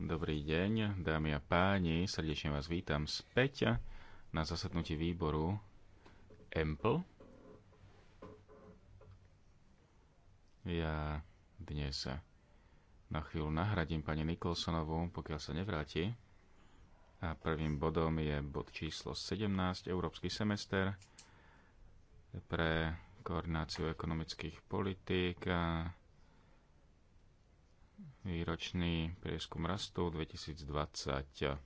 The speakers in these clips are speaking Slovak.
Dobrý deň, dámy a páni, srdečne vás vítam späť na zasadnutí výboru EMPL. Ja dnes na chvíľu nahradím pani Nikolsonovú, pokiaľ sa nevráti. A prvým bodom je bod číslo 17, Európsky semester pre koordináciu ekonomických politík. A výročný prieskum rastu 2020.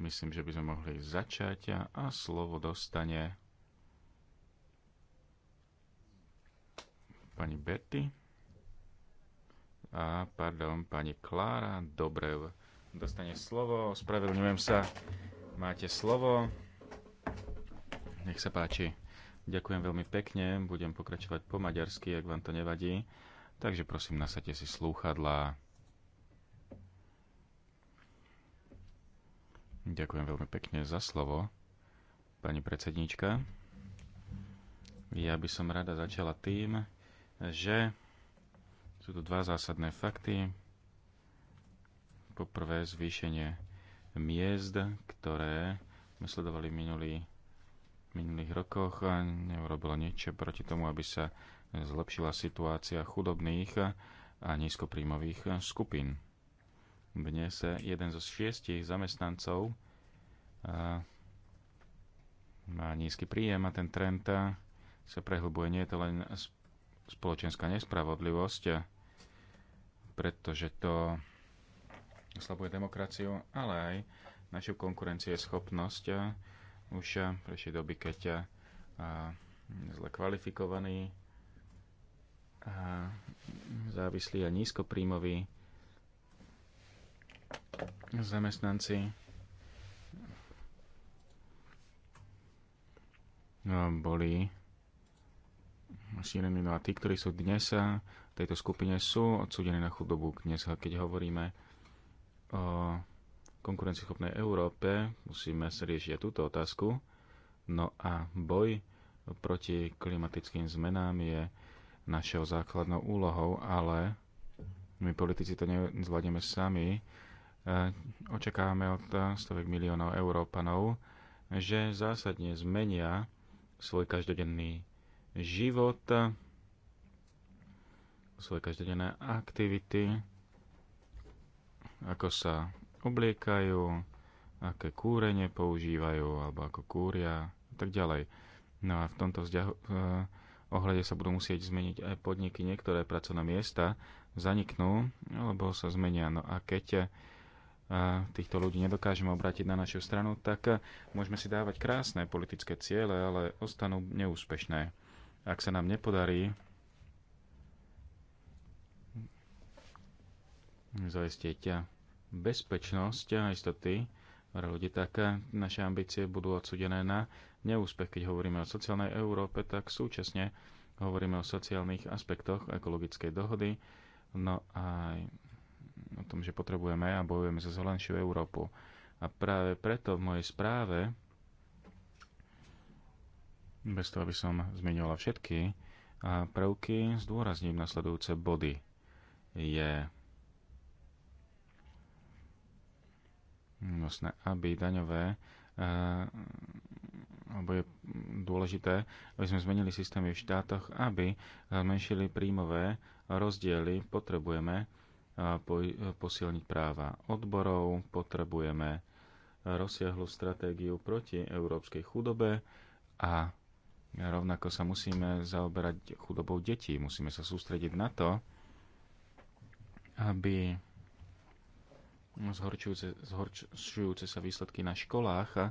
Myslím, že by sme mohli začať a slovo dostane pani Betty a pardon, pani Klára Dobrev dostane slovo. Spravedlňujem sa. Máte slovo. Nech sa páči. Ďakujem veľmi pekne. Budem pokračovať po maďarsky, ak vám to nevadí. Takže prosím, nasadte si slúchadlá. Ďakujem veľmi pekne za slovo, pani predsednička. Ja by som rada začala tým, že sú tu dva zásadné fakty. Poprvé zvýšenie miest, ktoré sme sledovali minulý, minulých rokoch a neurobilo niečo proti tomu, aby sa zlepšila situácia chudobných a nízkopríjmových skupín. Dnes jeden zo šiestich zamestnancov má nízky príjem a ten trend sa prehlbuje. Nie je to len spoločenská nespravodlivosť, pretože to oslabuje demokraciu, ale aj našu schopnosť už prešli doby, keď zle kvalifikovaní a závislí a nízkopríjmoví zamestnanci no, boli šírení. No a tí, ktorí sú dnes v tejto skupine, sú odsúdení na chudobu. Dnes, keď hovoríme o konkurencieschopnej Európe, musíme sa riešiť aj túto otázku. No a boj proti klimatickým zmenám je našou základnou úlohou, ale my politici to nezvládneme sami. E, očakávame od stovek miliónov Európanov, že zásadne zmenia svoj každodenný život, svoje každodenné aktivity, ako sa obliekajú, aké kúrenie používajú, alebo ako kúria a tak ďalej. No a v tomto vzťahu, e, ohľade sa budú musieť zmeniť aj podniky, niektoré pracovné miesta zaniknú alebo sa zmenia. No a keď eh, týchto ľudí nedokážeme obrátiť na našu stranu, tak eh, môžeme si dávať krásne politické ciele, ale ostanú neúspešné. Ak sa nám nepodarí zaistiť eh, bezpečnosť a istoty pre ľudí, tak naše ambície budú odsudené na neúspech. Keď hovoríme o sociálnej Európe, tak súčasne hovoríme o sociálnych aspektoch ekologickej dohody, no aj o tom, že potrebujeme a bojujeme za zelenšiu Európu. A práve preto v mojej správe, bez toho, aby som zmiňovala všetky prvky, zdôrazním nasledujúce body. Je vlastne, aby daňové alebo je dôležité, aby sme zmenili systémy v štátoch, aby zmenšili príjmové rozdiely. Potrebujeme eh, posilniť práva odborov, potrebujeme rozsiahlu stratégiu proti európskej chudobe a rovnako sa musíme zaoberať chudobou detí. Musíme sa sústrediť na to, aby zhorčujúce, zhorčujúce sa výsledky na školách a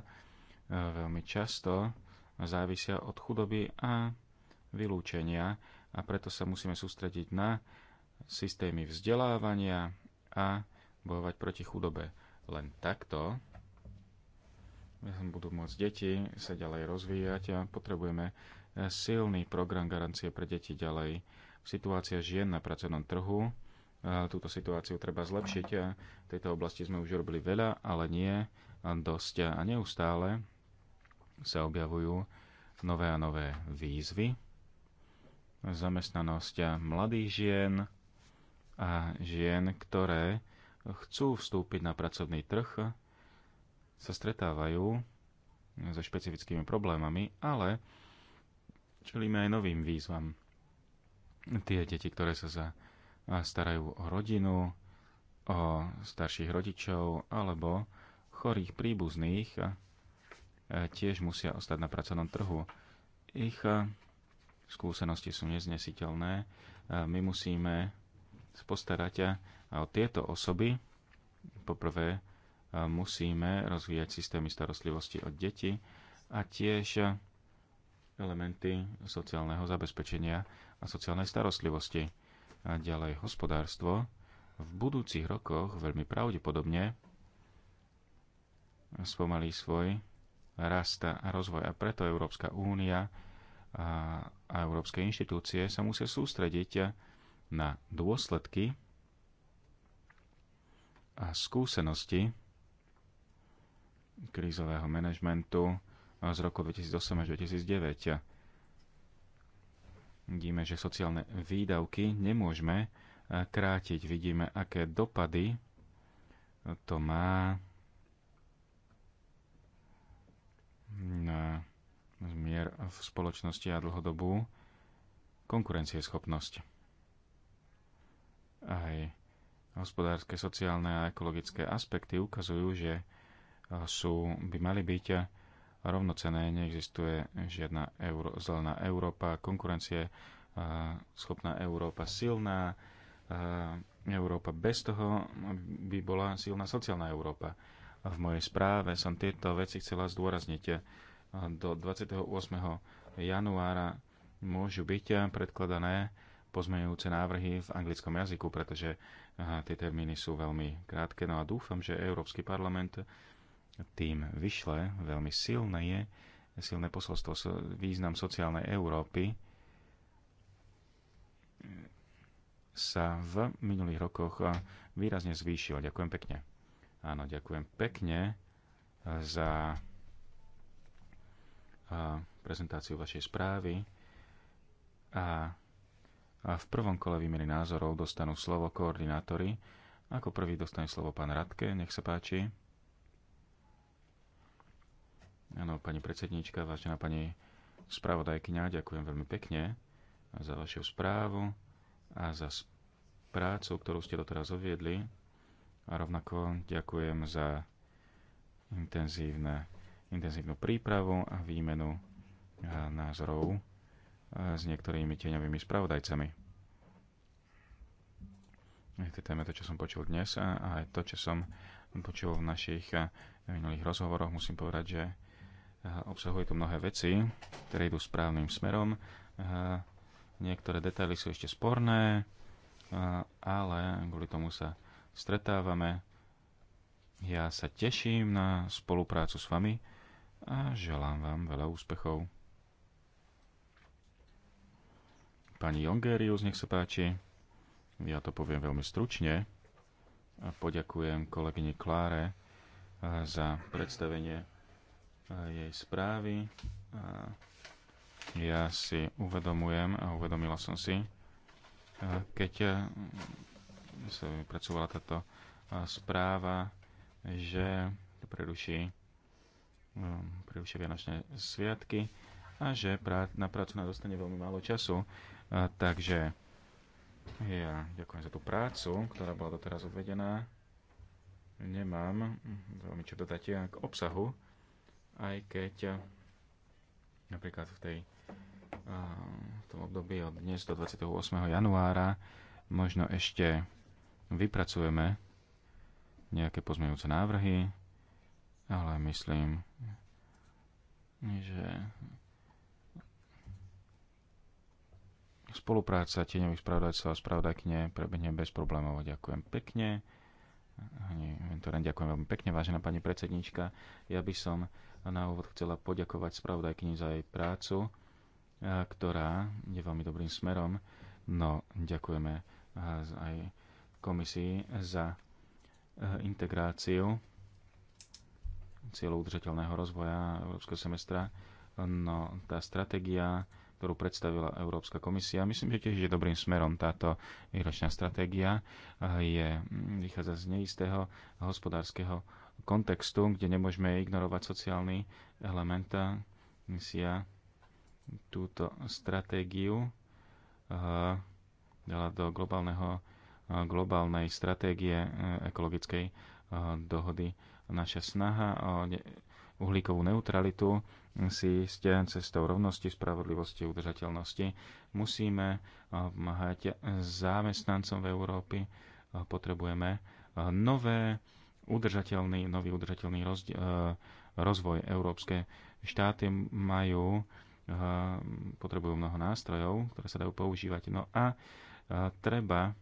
veľmi často závisia od chudoby a vylúčenia a preto sa musíme sústrediť na systémy vzdelávania a bojovať proti chudobe. Len takto budú môcť deti sa ďalej rozvíjať a potrebujeme silný program garancie pre deti ďalej. Situácia žien na pracovnom trhu, túto situáciu treba zlepšiť. V tejto oblasti sme už robili veľa, ale nie dosť a neustále sa objavujú nové a nové výzvy. Zamestnanosť mladých žien a žien, ktoré chcú vstúpiť na pracovný trh, sa stretávajú so špecifickými problémami, ale čelíme aj novým výzvam. Tie deti, ktoré sa za, starajú o rodinu, o starších rodičov alebo chorých príbuzných, E, tiež musia ostať na pracovnom trhu. Ich e, skúsenosti sú neznesiteľné. E, my musíme postarať a o tieto osoby. Poprvé musíme rozvíjať systémy starostlivosti od deti a tiež elementy sociálneho zabezpečenia a sociálnej starostlivosti. A ďalej hospodárstvo v budúcich rokoch veľmi pravdepodobne spomalí svoj rasta a rozvoj. A preto Európska únia a, a európske inštitúcie sa musia sústrediť na dôsledky a skúsenosti krízového manažmentu z roku 2008 až 2009. Vidíme, že sociálne výdavky nemôžeme krátiť. Vidíme, aké dopady to má na zmier v spoločnosti a dlhodobú konkurencieschopnosť. Aj hospodárske, sociálne a ekologické aspekty ukazujú, že sú, by mali byť rovnocené. Neexistuje žiadna euro, zelená Európa, konkurencie, schopná Európa, silná Európa. Bez toho by bola silná sociálna Európa v mojej správe som tieto veci chcela zdôrazniť. Do 28. januára môžu byť predkladané pozmeňujúce návrhy v anglickom jazyku, pretože tie termíny sú veľmi krátke. No a dúfam, že Európsky parlament tým vyšle veľmi silné je, silné posolstvo, význam sociálnej Európy sa v minulých rokoch výrazne zvýšil. Ďakujem pekne. Áno, ďakujem pekne eh, za eh, prezentáciu vašej správy. A v prvom kole výmeny názorov dostanú slovo koordinátori. Ako prvý dostane slovo pán Radke, nech sa páči. Áno, pani predsedníčka, vážená pani spravodajkyňa, ďakujem veľmi pekne za vašu správu a za prácu, ktorú ste doteraz odviedli a rovnako ďakujem za intenzívne, intenzívnu prípravu a výmenu názorov s niektorými tieňovými spravodajcami. Téme to, čo som počul dnes a aj to, čo som počul v našich minulých rozhovoroch, musím povedať, že obsahuje to mnohé veci, ktoré idú správnym smerom. Niektoré detaily sú ešte sporné, ale kvôli tomu sa stretávame. Ja sa teším na spoluprácu s vami a želám vám veľa úspechov. Pani Jongerius, nech sa páči. Ja to poviem veľmi stručne a poďakujem kolegyni Kláre eh, za predstavenie eh, jej správy. Ja si uvedomujem a uvedomila som si, eh, keď sa vypracovala táto správa, že preruší, um, preruší Vianočné sviatky a že na prácu nás dostane veľmi málo času. takže ja ďakujem za tú prácu, ktorá bola doteraz odvedená. Nemám veľmi čo dodať k obsahu, aj keď napríklad v, tej, v tom období od dnes do 28. januára možno ešte vypracujeme nejaké pozmeňujúce návrhy, ale myslím, že spolupráca tieňových spravodajcov a spravodajkne prebehne bez problémov. Ďakujem pekne. Ventoren, ďakujem veľmi pekne, vážená pani predsednička. Ja by som na úvod chcela poďakovať spravodajkyni za jej prácu, ktorá je veľmi dobrým smerom. No, ďakujeme aj komisii za e, integráciu cieľov udržateľného rozvoja Európskeho semestra. No, tá stratégia, ktorú predstavila Európska komisia, myslím, že tiež je dobrým smerom táto výročná stratégia. E, je, vychádza z neistého hospodárskeho kontextu, kde nemôžeme ignorovať sociálny element. Misia túto stratégiu e, dala do globálneho globálnej stratégie e, ekologickej e, dohody. Naša snaha o uhlíkovú neutralitu si ste cestou rovnosti, spravodlivosti, udržateľnosti. Musíme e, pomáhať zamestnancom v Európy. Potrebujeme nové udržateľný, nový udržateľný rozvoj. Európske štáty majú, potrebujú mnoho nástrojov, ktoré sa dajú používať. No a treba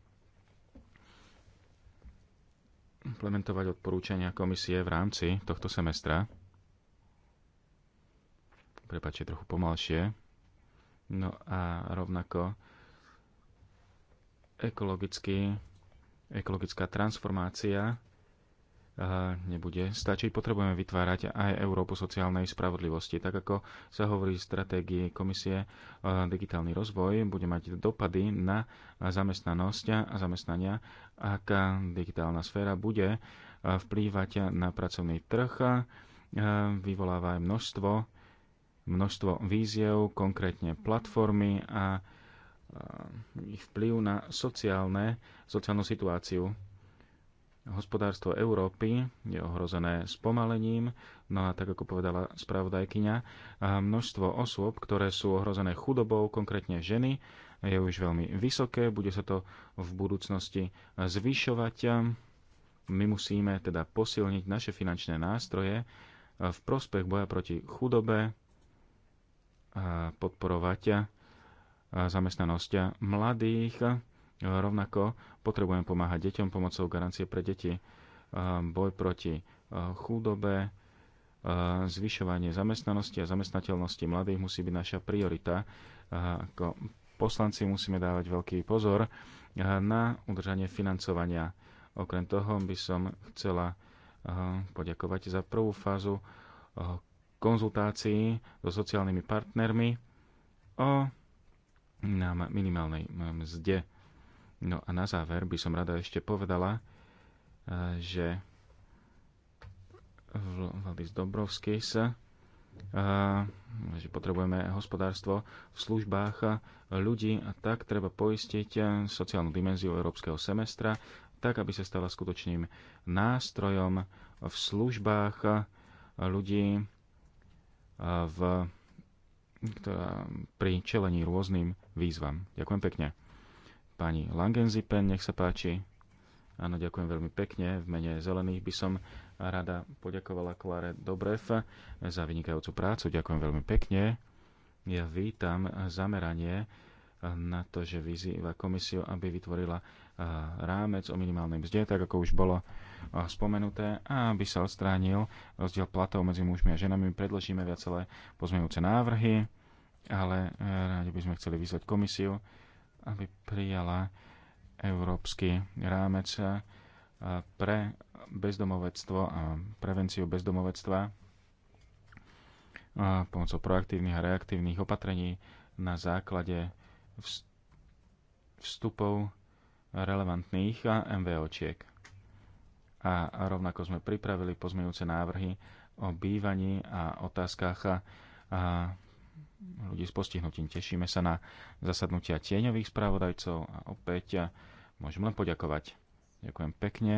implementovať odporúčania komisie v rámci tohto semestra. Prepačte, trochu pomalšie. No a rovnako ekologicky, ekologická transformácia nebude stačiť. Potrebujeme vytvárať aj Európu sociálnej spravodlivosti. Tak ako sa hovorí v stratégii komisie, e, digitálny rozvoj bude mať dopady na zamestnanosť a zamestnania, aká digitálna sféra bude e, vplývať na pracovný trh, e, vyvoláva aj množstvo, množstvo víziev, konkrétne platformy a ich vplyv na sociálne, sociálnu situáciu hospodárstvo Európy je ohrozené spomalením, no a tak ako povedala spravodajkyňa, množstvo osôb, ktoré sú ohrozené chudobou, konkrétne ženy, je už veľmi vysoké, bude sa to v budúcnosti zvyšovať. My musíme teda posilniť naše finančné nástroje v prospech boja proti chudobe a podporovať zamestnanosť mladých Rovnako potrebujeme pomáhať deťom pomocou garancie pre deti, boj proti chudobe, zvyšovanie zamestnanosti a zamestnateľnosti mladých musí byť naša priorita. Ako poslanci musíme dávať veľký pozor na udržanie financovania. Okrem toho by som chcela poďakovať za prvú fázu konzultácií so sociálnymi partnermi o minimálnej mzde. No a na záver by som rada ešte povedala, e, že Valdis Dobrovskis, e, že potrebujeme hospodárstvo v službách ľudí a tak treba poistiť sociálnu dimenziu európskeho semestra, tak aby sa stala skutočným nástrojom v službách ľudí e, v, ktorá, pri čelení rôznym výzvam. Ďakujem pekne. Pani Langenzipen, nech sa páči. Áno, ďakujem veľmi pekne. V mene zelených by som rada poďakovala Klare Dobrev za vynikajúcu prácu. Ďakujem veľmi pekne. Ja vítam zameranie na to, že vyzýva komisiu, aby vytvorila eh, rámec o minimálnej mzde, tak ako už bolo eh, spomenuté, a aby sa odstránil rozdiel platov medzi mužmi a ženami. Predložíme viacelé pozmeňujúce návrhy, ale eh, rádi by sme chceli vyzvať komisiu, aby prijala európsky rámec pre bezdomovectvo a prevenciu bezdomovectva a pomocou proaktívnych a reaktívnych opatrení na základe vstupov relevantných a MVOčiek. A rovnako sme pripravili pozmejúce návrhy o bývaní a otázkach a ľudí s postihnutím. Tešíme sa na zasadnutia tieňových správodajcov a opäť môžem len poďakovať. Ďakujem pekne.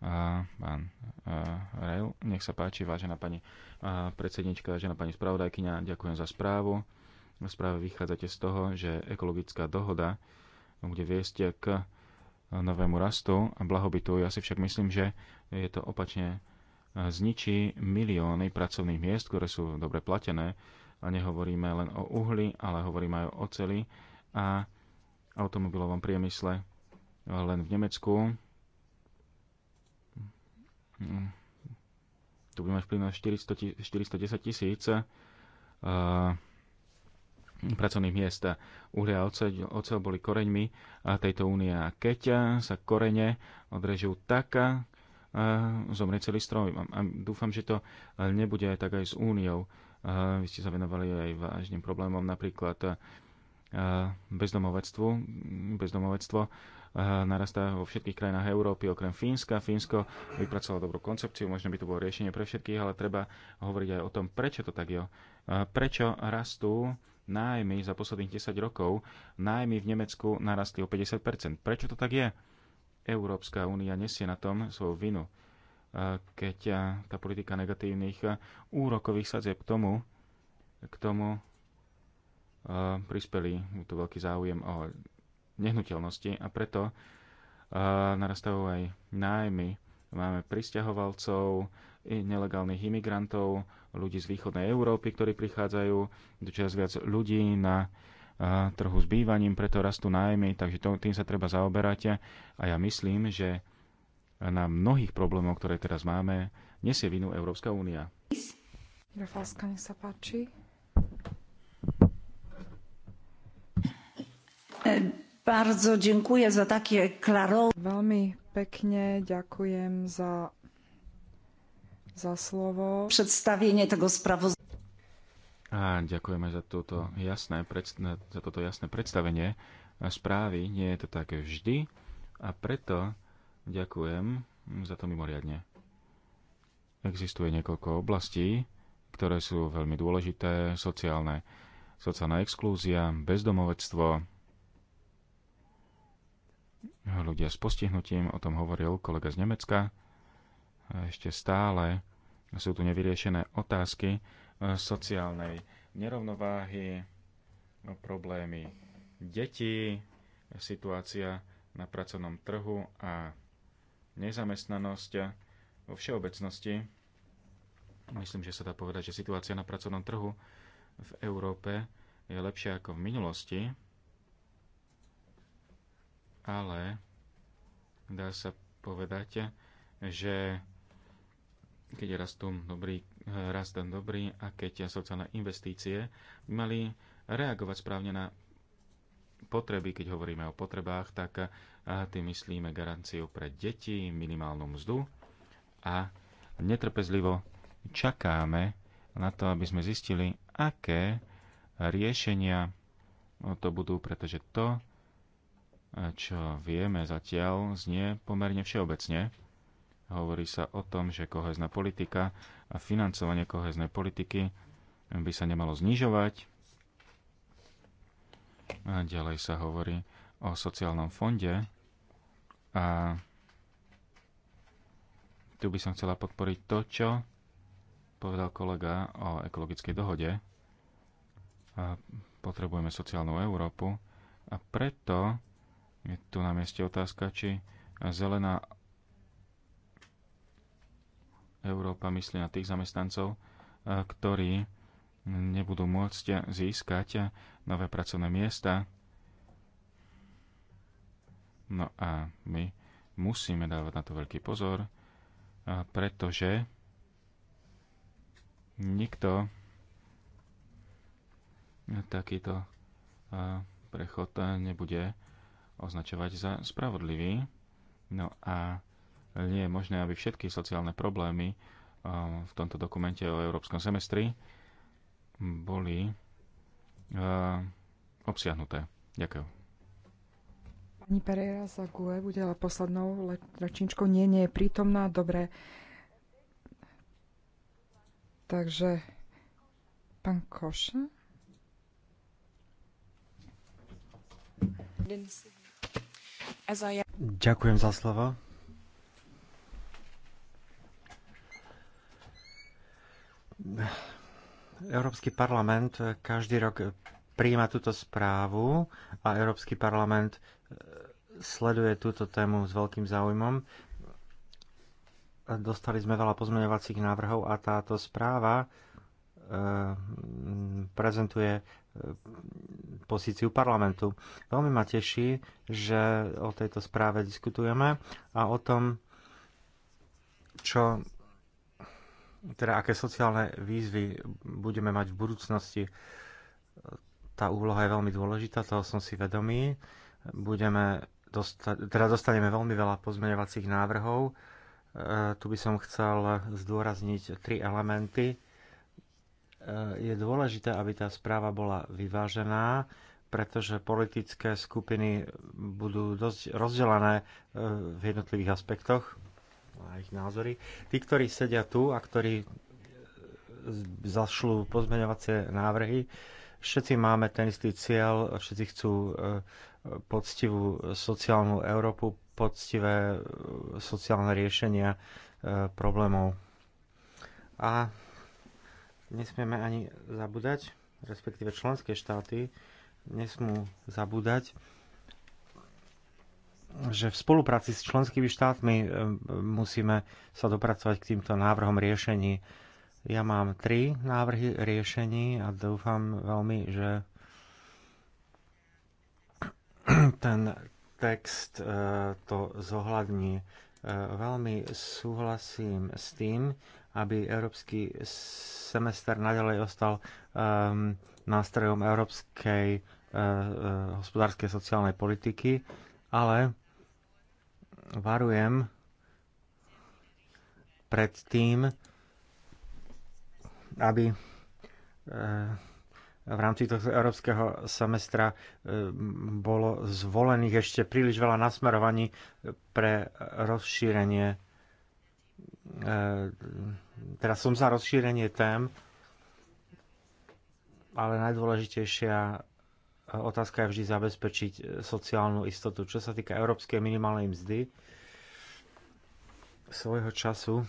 A pán a Rail, nech sa páči, vážená pani a predsednička, vážená pani spravodajkyňa, ďakujem za správu. V správe vychádzate z toho, že ekologická dohoda bude viesť k novému rastu a blahobytu. Ja si však myslím, že je to opačne zničí milióny pracovných miest, ktoré sú dobre platené a nehovoríme len o uhli, ale hovoríme aj o oceli a automobilovom priemysle. Len v Nemecku mm, tu budeme vplyvnúť 410 tisíc eh, pracovných miest. Uhlia a oceľ, oceľ boli koreňmi eh, tejto únie a keď eh, sa korene odrežú tak, zomrie celý stroj. A dúfam, že to nebude aj tak aj s úniou. Vy ste sa venovali aj vážnym problémom, napríklad eh, bezdomovectvu. Bezdomovectvo eh, narastá vo všetkých krajinách Európy, okrem Fínska. Fínsko vypracovalo dobrú koncepciu, možno by to bolo riešenie pre všetkých, ale treba hovoriť aj o tom, prečo to tak je. Eh, prečo rastú nájmy za posledných 10 rokov, nájmy v Nemecku narastli o 50%. Prečo to tak je? Európska únia nesie na tom svoju vinu keď tá politika negatívnych úrokových sadzieb k tomu, k tomu prispeli tu veľký záujem o nehnuteľnosti a preto narastajú aj nájmy. Máme pristahovalcov, nelegálnych imigrantov, ľudí z východnej Európy, ktorí prichádzajú, čoraz viac ľudí na trhu s bývaním, preto rastú nájmy, takže tým sa treba zaoberať. A ja myslím, že na mnohých problémoch, ktoré teraz máme, nesie vinu Európska únia. Rafalska, nech sa páči. E, bardzo dziękuję za takie klarowne. Veľmi pekne ďakujem za, za slovo. Przedstawienie tego sprawozdania. A ďakujeme za toto jasné, za toto jasné predstavenie a správy. Nie je to také vždy a preto Ďakujem za to mimoriadne. Existuje niekoľko oblastí, ktoré sú veľmi dôležité, sociálne, sociálna exklúzia, bezdomovectvo, ľudia s postihnutím, o tom hovoril kolega z Nemecka. Ešte stále sú tu nevyriešené otázky e, sociálnej nerovnováhy, no, problémy detí, situácia na pracovnom trhu a nezamestnanosť vo všeobecnosti. Myslím, že sa dá povedať, že situácia na pracovnom trhu v Európe je lepšia ako v minulosti, ale dá sa povedať, že keď je rastú dobrý, rast dobrý a keď sociálne investície, by mali reagovať správne na potreby, keď hovoríme o potrebách, tak a tým myslíme garanciu pre deti, minimálnu mzdu a netrpezlivo čakáme na to, aby sme zistili, aké riešenia to budú, pretože to, čo vieme zatiaľ, znie pomerne všeobecne. Hovorí sa o tom, že kohezná politika a financovanie koheznej politiky by sa nemalo znižovať. A ďalej sa hovorí o sociálnom fonde a tu by som chcela podporiť to, čo povedal kolega o ekologickej dohode. A potrebujeme sociálnu Európu a preto je tu na mieste otázka, či zelená Európa myslí na tých zamestnancov, ktorí nebudú môcť získať nové pracovné miesta No a my musíme dávať na to veľký pozor, pretože nikto takýto prechod nebude označovať za spravodlivý. No a nie je možné, aby všetky sociálne problémy v tomto dokumente o európskom semestri boli obsiahnuté. Ďakujem. Pani Pereira Zague bude ale poslednou rečničkou. Nie, nie je prítomná. Dobre. Takže pán Koša. Ďakujem za slovo. Európsky parlament každý rok príjma túto správu a Európsky parlament sleduje túto tému s veľkým záujmom. Dostali sme veľa pozmeňovacích návrhov a táto správa e, prezentuje e, pozíciu parlamentu. Veľmi ma teší, že o tejto správe diskutujeme a o tom, čo teda aké sociálne výzvy budeme mať v budúcnosti. Tá úloha je veľmi dôležitá, toho som si vedomý. Budeme dosta- teda dostaneme veľmi veľa pozmeňovacích návrhov. E, tu by som chcel zdôrazniť tri elementy. E, je dôležité, aby tá správa bola vyvážená, pretože politické skupiny budú dosť rozdelené e, v jednotlivých aspektoch a ich názory. Tí, ktorí sedia tu a ktorí zašľú pozmeňovacie návrhy, všetci máme ten istý cieľ, všetci chcú poctivú sociálnu Európu, poctivé e, sociálne riešenia e, problémov. A nesmieme ani zabúdať, respektíve členské štáty nesmú zabúdať, že v spolupráci s členskými štátmi e, musíme sa dopracovať k týmto návrhom riešení. Ja mám tri návrhy riešení a dúfam veľmi, že ten text e, to zohľadní. E, veľmi súhlasím s tým, aby európsky semester nadalej ostal ehm, nástrojom európskej e, hospodárskej sociálnej politiky, ale varujem pred tým, aby v rámci tohto európskeho semestra e, bolo zvolených ešte príliš veľa nasmerovaní pre rozšírenie. E, Teraz som za rozšírenie tém, ale najdôležitejšia otázka je vždy zabezpečiť sociálnu istotu. Čo sa týka európskej minimálnej mzdy, svojho času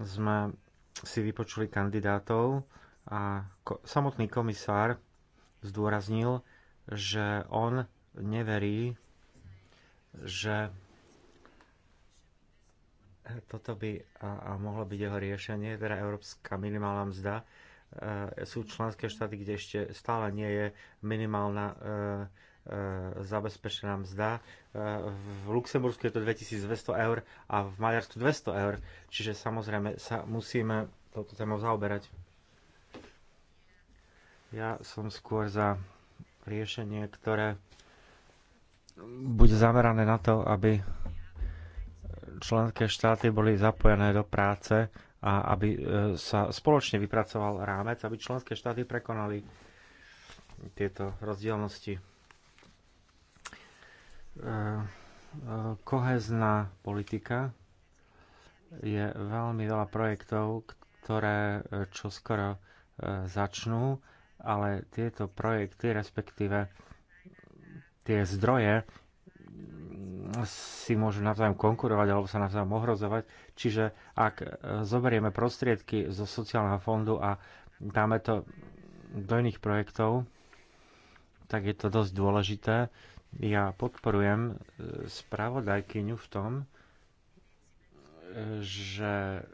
sme si vypočuli kandidátov, a ko- samotný komisár zdôraznil, že on neverí, že toto by a, a mohlo byť jeho riešenie, teda európska minimálna mzda. E, sú členské štáty, kde ešte stále nie je minimálna e, e, zabezpečená mzda. E, v Luxembursku je to 2200 eur a v Maďarsku 200 eur. Čiže samozrejme sa musíme toto tému zaoberať. Ja som skôr za riešenie, ktoré bude zamerané na to, aby členské štáty boli zapojené do práce a aby e, sa spoločne vypracoval rámec, aby členské štáty prekonali tieto rozdielnosti. E, e, kohezná politika je veľmi veľa projektov, ktoré čoskoro začnú ale tieto projekty, respektíve tie zdroje si môžu navzájom konkurovať alebo sa navzájom ohrozovať. Čiže ak e, zoberieme prostriedky zo sociálneho fondu a dáme to do iných projektov, tak je to dosť dôležité. Ja podporujem e, spravodajkyňu v tom, e, že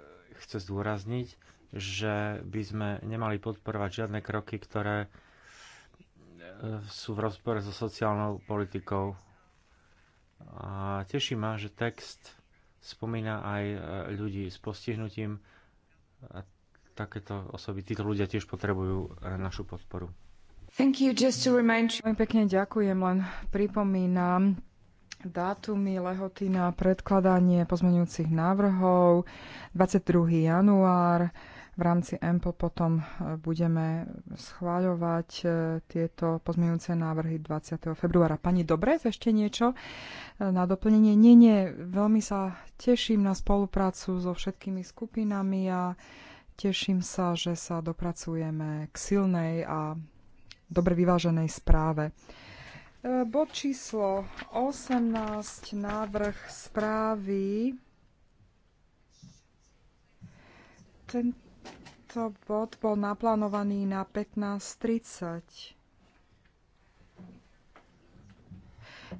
chce zdôrazniť, že by sme nemali podporovať žiadne kroky, ktoré e, sú v rozpore so sociálnou politikou. A teší ma, že text spomína aj e, ľudí s postihnutím a takéto osoby, títo ľudia tiež potrebujú e, našu podporu. Thank you, just to remind you. Pekne ďakujem, len pripomínam dátumy lehoty na predkladanie pozmeňujúcich návrhov 22. január v rámci EMPO potom e, budeme schváľovať e, tieto pozmeňujúce návrhy 20. februára. Pani dobre ešte niečo e, na doplnenie? Nie, nie, veľmi sa teším na spoluprácu so všetkými skupinami a teším sa, že sa dopracujeme k silnej a dobre vyváženej správe. Bod číslo 18, návrh správy. Ten, tento bod bol naplánovaný na 15.30.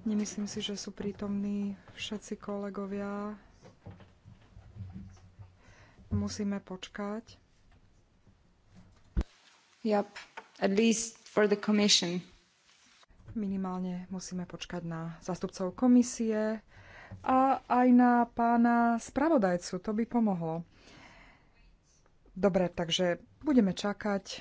Nemyslím si, že sú prítomní všetci kolegovia. Musíme počkať. Yep, at least for the commission. Minimálne musíme počkať na zastupcov komisie a aj na pána spravodajcu. To by pomohlo. Dobre, takže budeme čakať.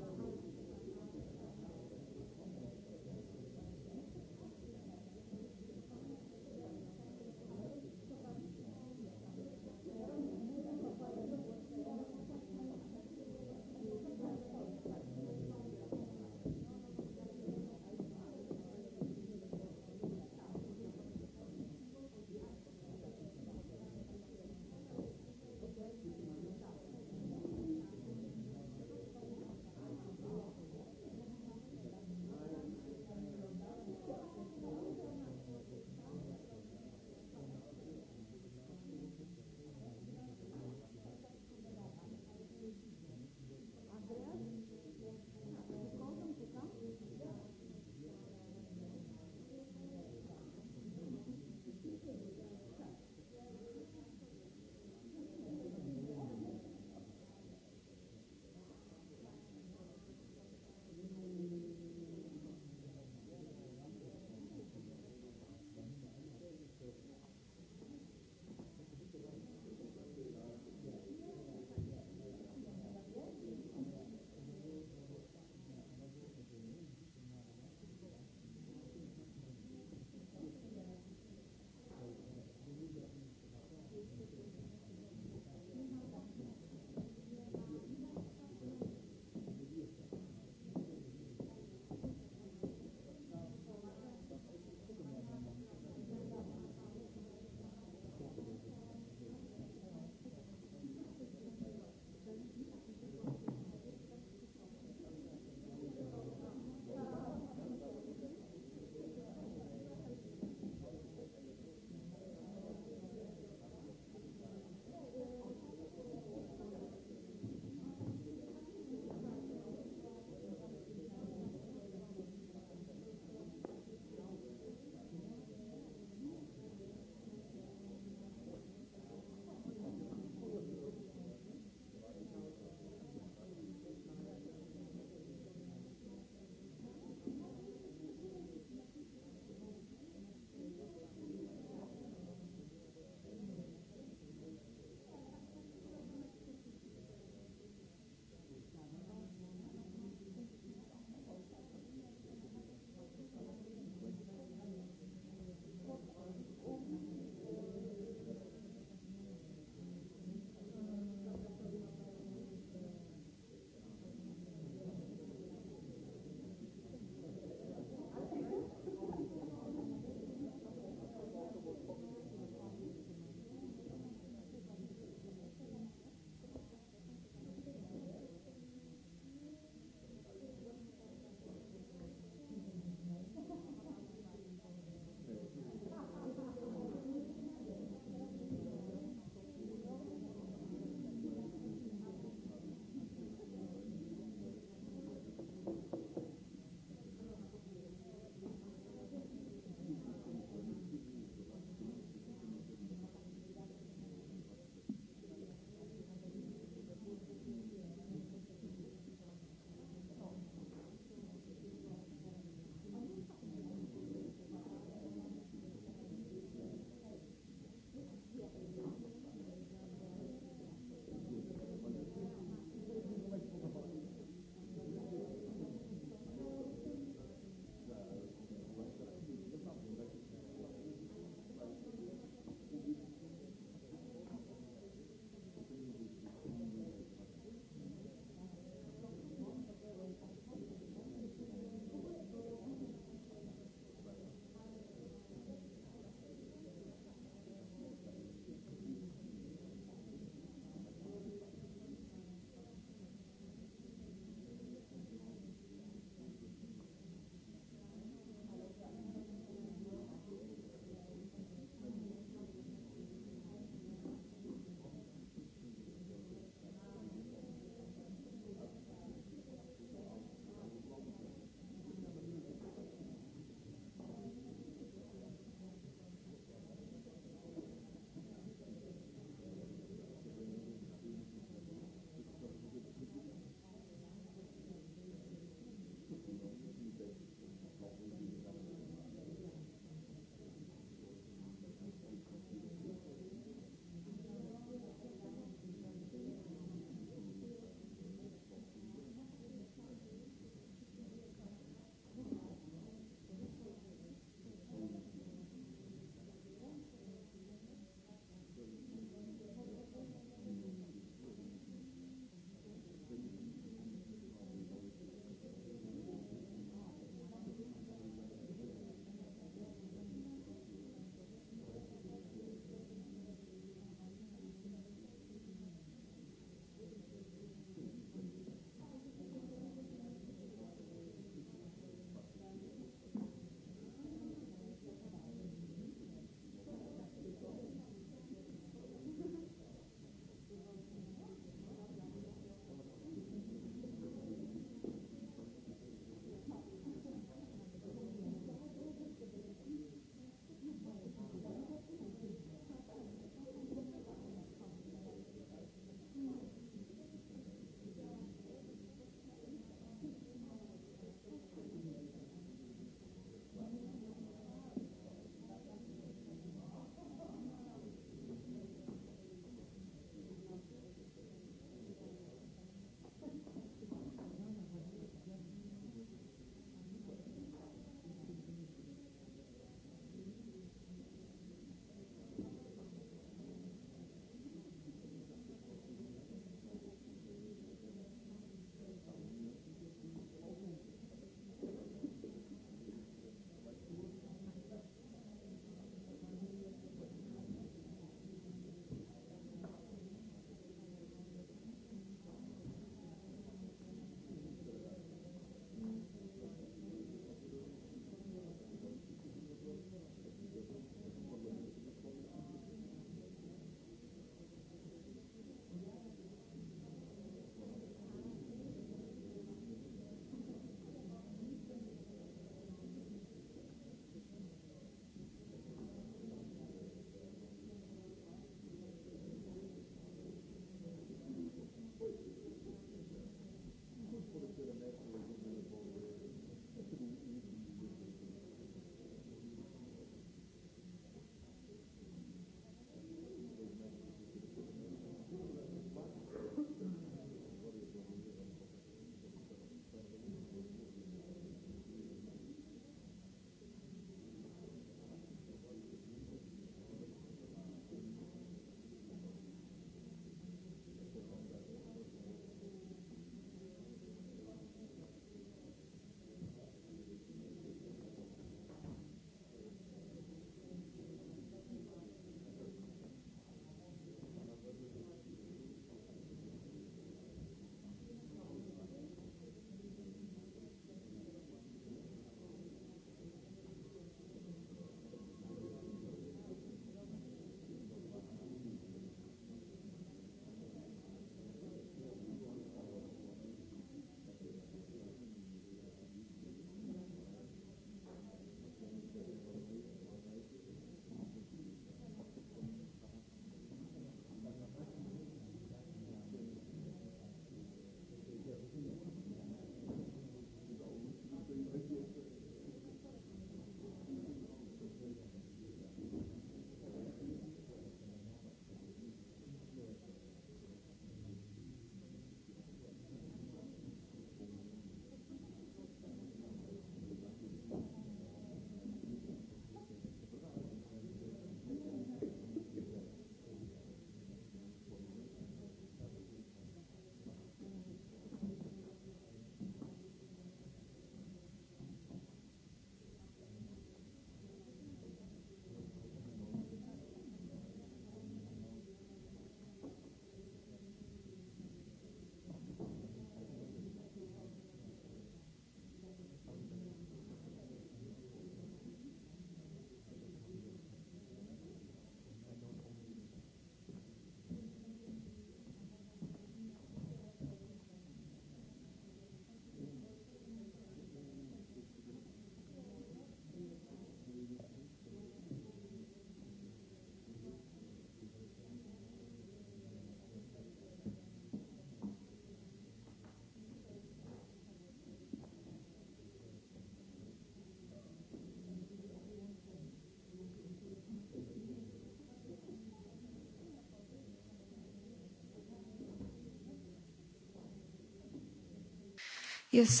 Yes,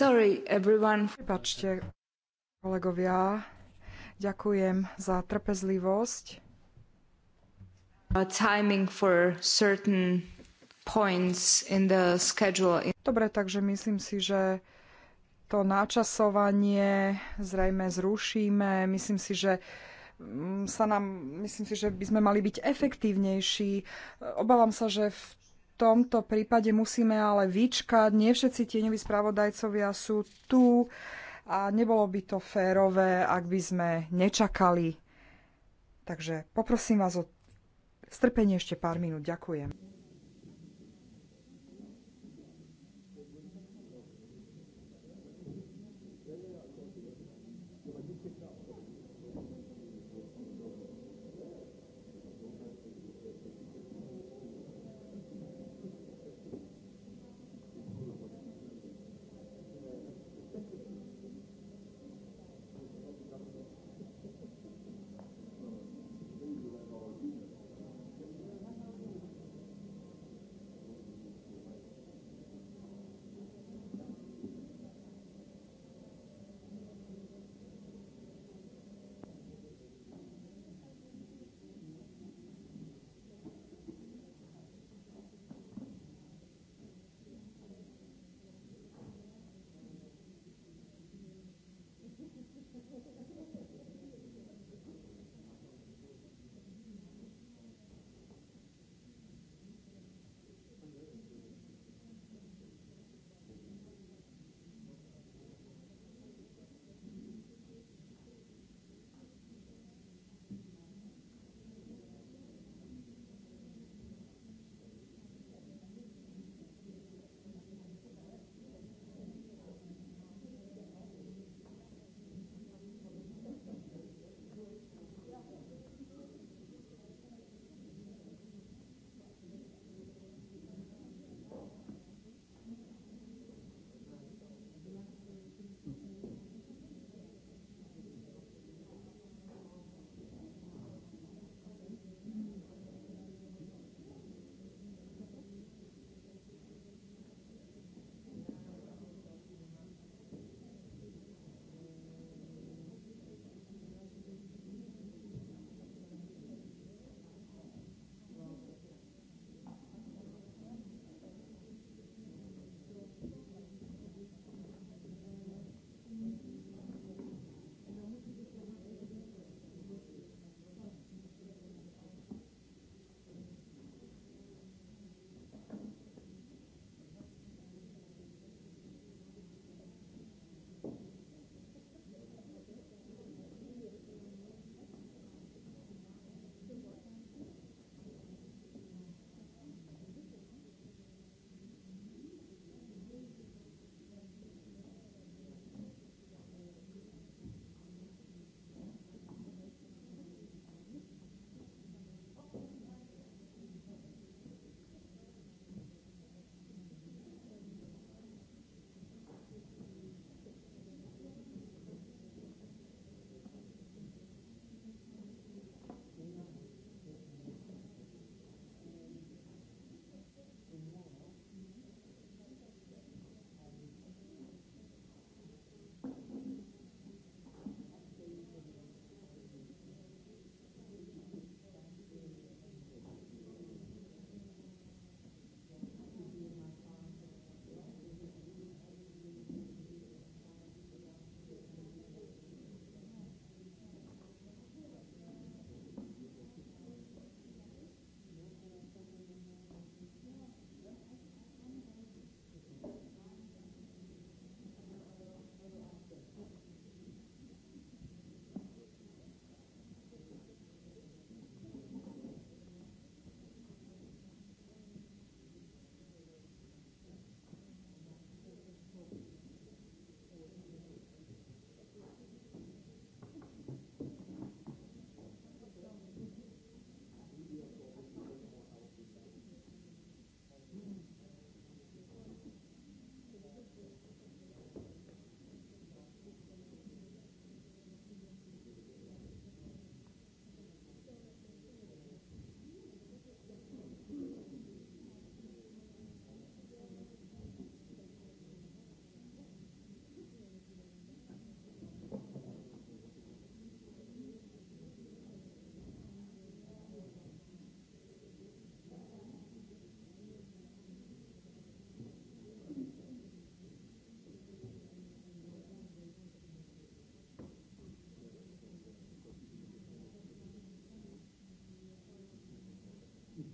Prepačte, kolegovia. Ďakujem za trpezlivosť. timing for certain points in the schedule. Dobre, takže myslím si, že to načasovanie zrejme zrušíme. Myslím si, že mm, sa nám, myslím si, že by sme mali byť efektívnejší. Obávam sa, že v tomto prípade musíme ale vyčkať. Nie všetci tieňoví spravodajcovia sú tu a nebolo by to férové, ak by sme nečakali. Takže poprosím vás o strpenie ešte pár minút. Ďakujem.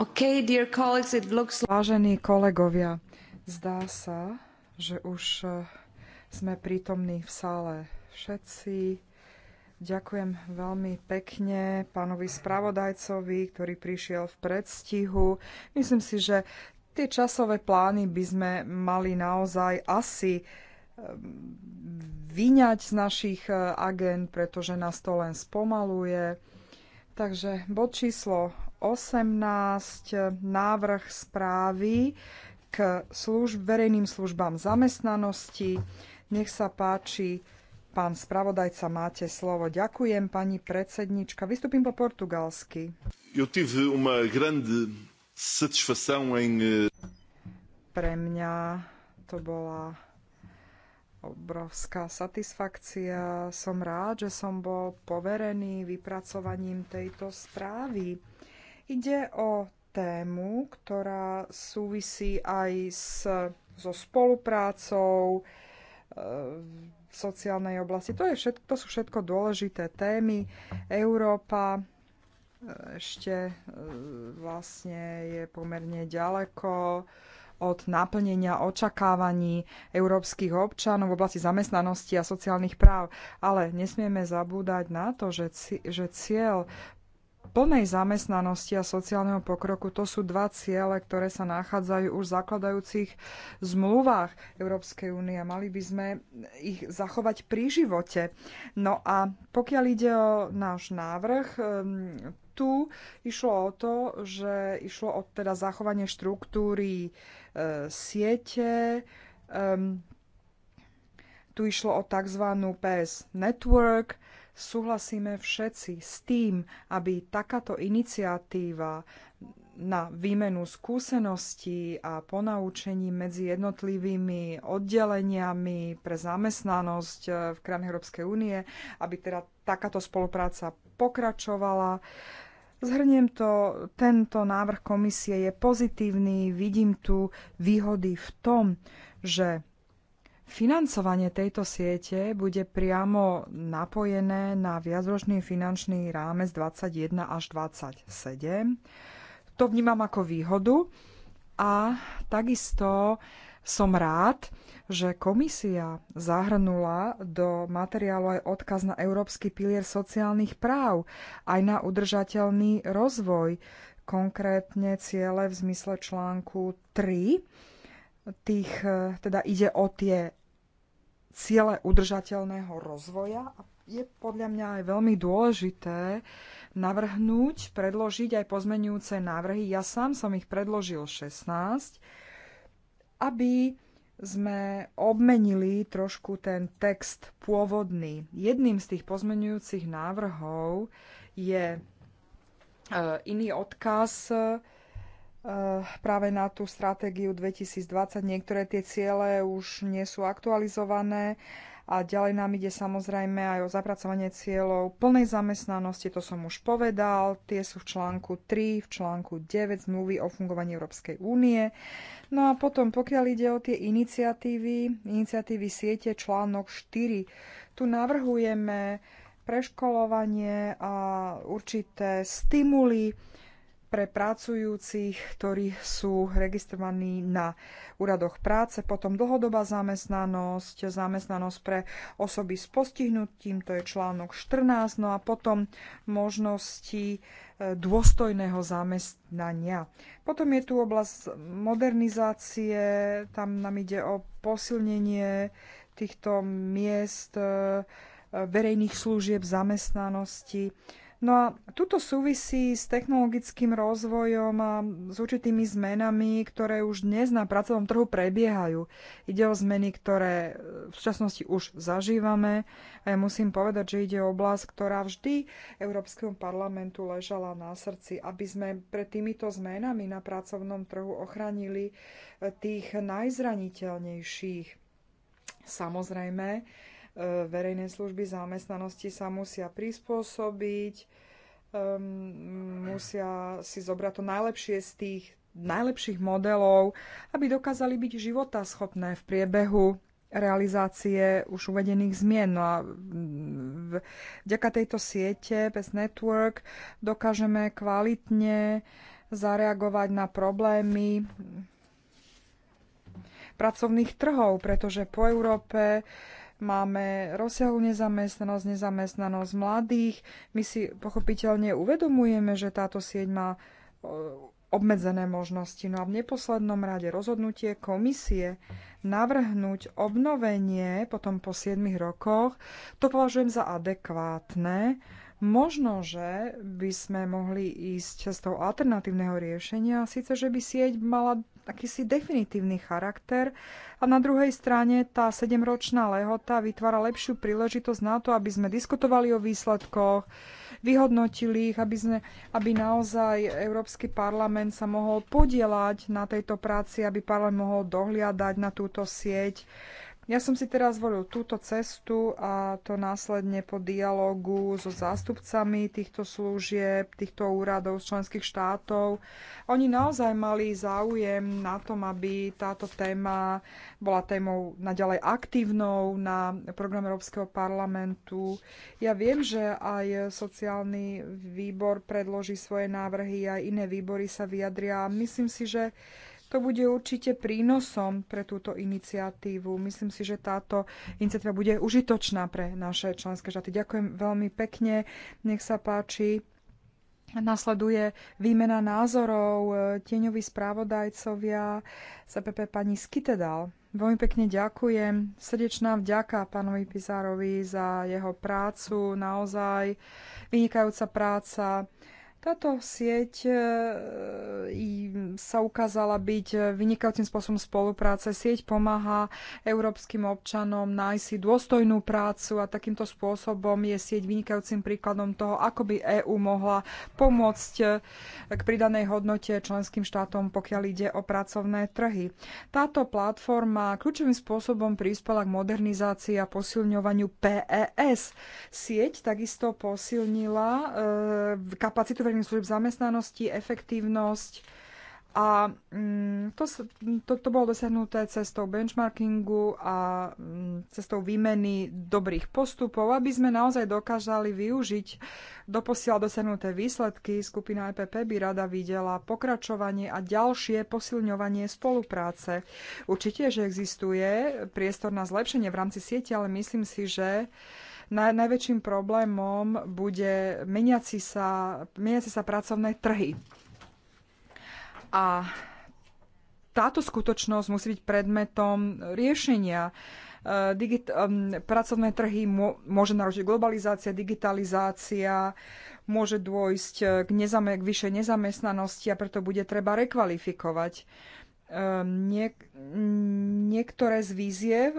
Okay, looks... Vážení kolegovia, zdá sa, že už eh, sme prítomní v sále všetci. Ďakujem veľmi pekne pánovi spravodajcovi, ktorý prišiel v predstihu. Myslím si, že tie časové plány by sme mali naozaj asi eh, vyňať z našich eh, agent, pretože nás to len spomaluje. Takže bod číslo 18 e, návrh správy k služb, verejným službám zamestnanosti. Nech sa páči, pán spravodajca, máte slovo. Ďakujem, pani predsednička. Vystupím po portugalsky. Eh, Pre mňa to bola obrovská satisfakcia. Som rád, že som bol poverený vypracovaním tejto správy Ide o tému, ktorá súvisí aj s, so spoluprácou e, v sociálnej oblasti. To, je všetko, to sú všetko dôležité témy. Európa e, ešte e, vlastne je pomerne ďaleko od naplnenia očakávaní európskych občanov v oblasti zamestnanosti a sociálnych práv. Ale nesmieme zabúdať na to, že cieľ plnej zamestnanosti a sociálneho pokroku. To sú dva ciele, ktoré sa nachádzajú už v zakladajúcich zmluvách Európskej únie. Mali by sme ich zachovať pri živote. No a pokiaľ ide o náš návrh, ehm, tu išlo o to, že išlo o teda zachovanie štruktúry e, siete, e, tu išlo o tzv. PS Network, Súhlasíme všetci s tým, aby takáto iniciatíva na výmenu skúseností a ponaučení medzi jednotlivými oddeleniami pre zamestnanosť eh, v krajinách Európskej únie, aby teda takáto spolupráca pokračovala. Zhrniem to, tento návrh komisie je pozitívny, vidím tu výhody v tom, že Financovanie tejto siete bude priamo napojené na viacročný finančný rámec 21 až 27. To vnímam ako výhodu a takisto som rád, že komisia zahrnula do materiálu aj odkaz na Európsky pilier sociálnych práv, aj na udržateľný rozvoj, konkrétne ciele v zmysle článku 3 tých, eh, teda ide o tie ciele udržateľného rozvoja a je podľa mňa aj veľmi dôležité navrhnúť, predložiť aj pozmenujúce návrhy. Ja sám som ich predložil 16, aby sme obmenili trošku ten text pôvodný. Jedným z tých pozmenujúcich návrhov je e, iný odkaz Eh, práve na tú stratégiu 2020. Niektoré tie ciele už nie sú aktualizované a ďalej nám ide samozrejme aj o zapracovanie cieľov plnej zamestnanosti, to som už povedal, tie sú v článku 3, v článku 9 zmluvy o fungovaní Európskej únie. No a potom, pokiaľ ide o tie iniciatívy, iniciatívy siete článok 4, tu navrhujeme preškolovanie a určité stimuly, pre pracujúcich, ktorí sú registrovaní na úradoch práce, potom dlhodobá zamestnanosť, zamestnanosť pre osoby s postihnutím, to je článok 14, no a potom možnosti e, dôstojného zamestnania. Potom je tu oblasť modernizácie, tam nám ide o posilnenie týchto miest e, verejných služieb zamestnanosti. No a tuto súvisí s technologickým rozvojom a s určitými zmenami, ktoré už dnes na pracovnom trhu prebiehajú. Ide o zmeny, ktoré e, v súčasnosti už zažívame a ja musím povedať, že ide o oblasť, ktorá vždy Európskemu parlamentu ležala na srdci, aby sme pred týmito zmenami na pracovnom trhu ochránili e, tých najzraniteľnejších. Samozrejme, E, verejnej služby zamestnanosti sa musia prispôsobiť, musia si zobrať to najlepšie z tých najlepších modelov, aby dokázali byť životaschopné v priebehu realizácie už uvedených zmien. No a vďaka tejto siete bez network dokážeme kvalitne zareagovať na problémy pracovných trhov, pretože po Európe Máme rozsiahlu nezamestnanosť, nezamestnanosť mladých. My si pochopiteľne uvedomujeme, že táto sieť má e, obmedzené možnosti. No a v neposlednom rade rozhodnutie komisie navrhnúť obnovenie potom po 7 rokoch, to považujem za adekvátne Možno, že by sme mohli ísť z toho alternatívneho riešenia, síce, že by sieť mala akýsi definitívny charakter a na druhej strane tá sedemročná lehota vytvára lepšiu príležitosť na to, aby sme diskutovali o výsledkoch, vyhodnotili ich, aby, sme, aby naozaj Európsky parlament sa mohol podielať na tejto práci, aby parlament mohol dohliadať na túto sieť ja som si teraz zvolil túto cestu a to následne po dialogu so zástupcami týchto služieb, týchto úradov z členských štátov. Oni naozaj mali záujem na tom, aby táto téma bola témou naďalej aktívnou na program Európskeho parlamentu. Ja viem, že aj sociálny výbor predloží svoje návrhy, aj iné výbory sa vyjadria. Myslím si, že to bude určite prínosom pre túto iniciatívu. Myslím si, že táto iniciatíva bude užitočná pre naše členské štáty. Ďakujem veľmi pekne. Nech sa páči. Nasleduje výmena názorov, e, tieňoví správodajcovia, CPP e pani Skitedal. Veľmi pekne ďakujem. Srdečná vďaka pánovi Pizárovi za jeho prácu, naozaj vynikajúca práca. Táto sieť e, sa ukázala byť e, vynikajúcim spôsobom spolupráce. Sieť pomáha európskym občanom nájsť si dôstojnú prácu a takýmto spôsobom je sieť vynikajúcim príkladom toho, ako by EÚ mohla pomôcť e, k pridanej hodnote členským štátom, pokiaľ ide o pracovné trhy. Táto platforma kľúčovým spôsobom prispela k modernizácii a posilňovaniu PES. Sieť takisto posilnila kapacitu verejných služieb zamestnanosti, efektívnosť. A mm, to, to, to bolo dosiahnuté cestou benchmarkingu a mm, cestou výmeny dobrých postupov, aby sme naozaj dokázali využiť doposiaľ dosiahnuté výsledky. Skupina EPP by rada videla pokračovanie a ďalšie posilňovanie spolupráce. Určite, že existuje priestor na zlepšenie v rámci siete, ale myslím si, že uh, Naj, najväčším problémom bude meniaci sa, meniaci sa pracovné trhy. A táto skutočnosť musí byť predmetom riešenia. E, digit- e, pracovné trhy môže narušiť globalizácia, digitalizácia, môže dôjsť e, k, nezame- k vyššej nezamestnanosti a preto bude treba rekvalifikovať. nie, niektoré z víziev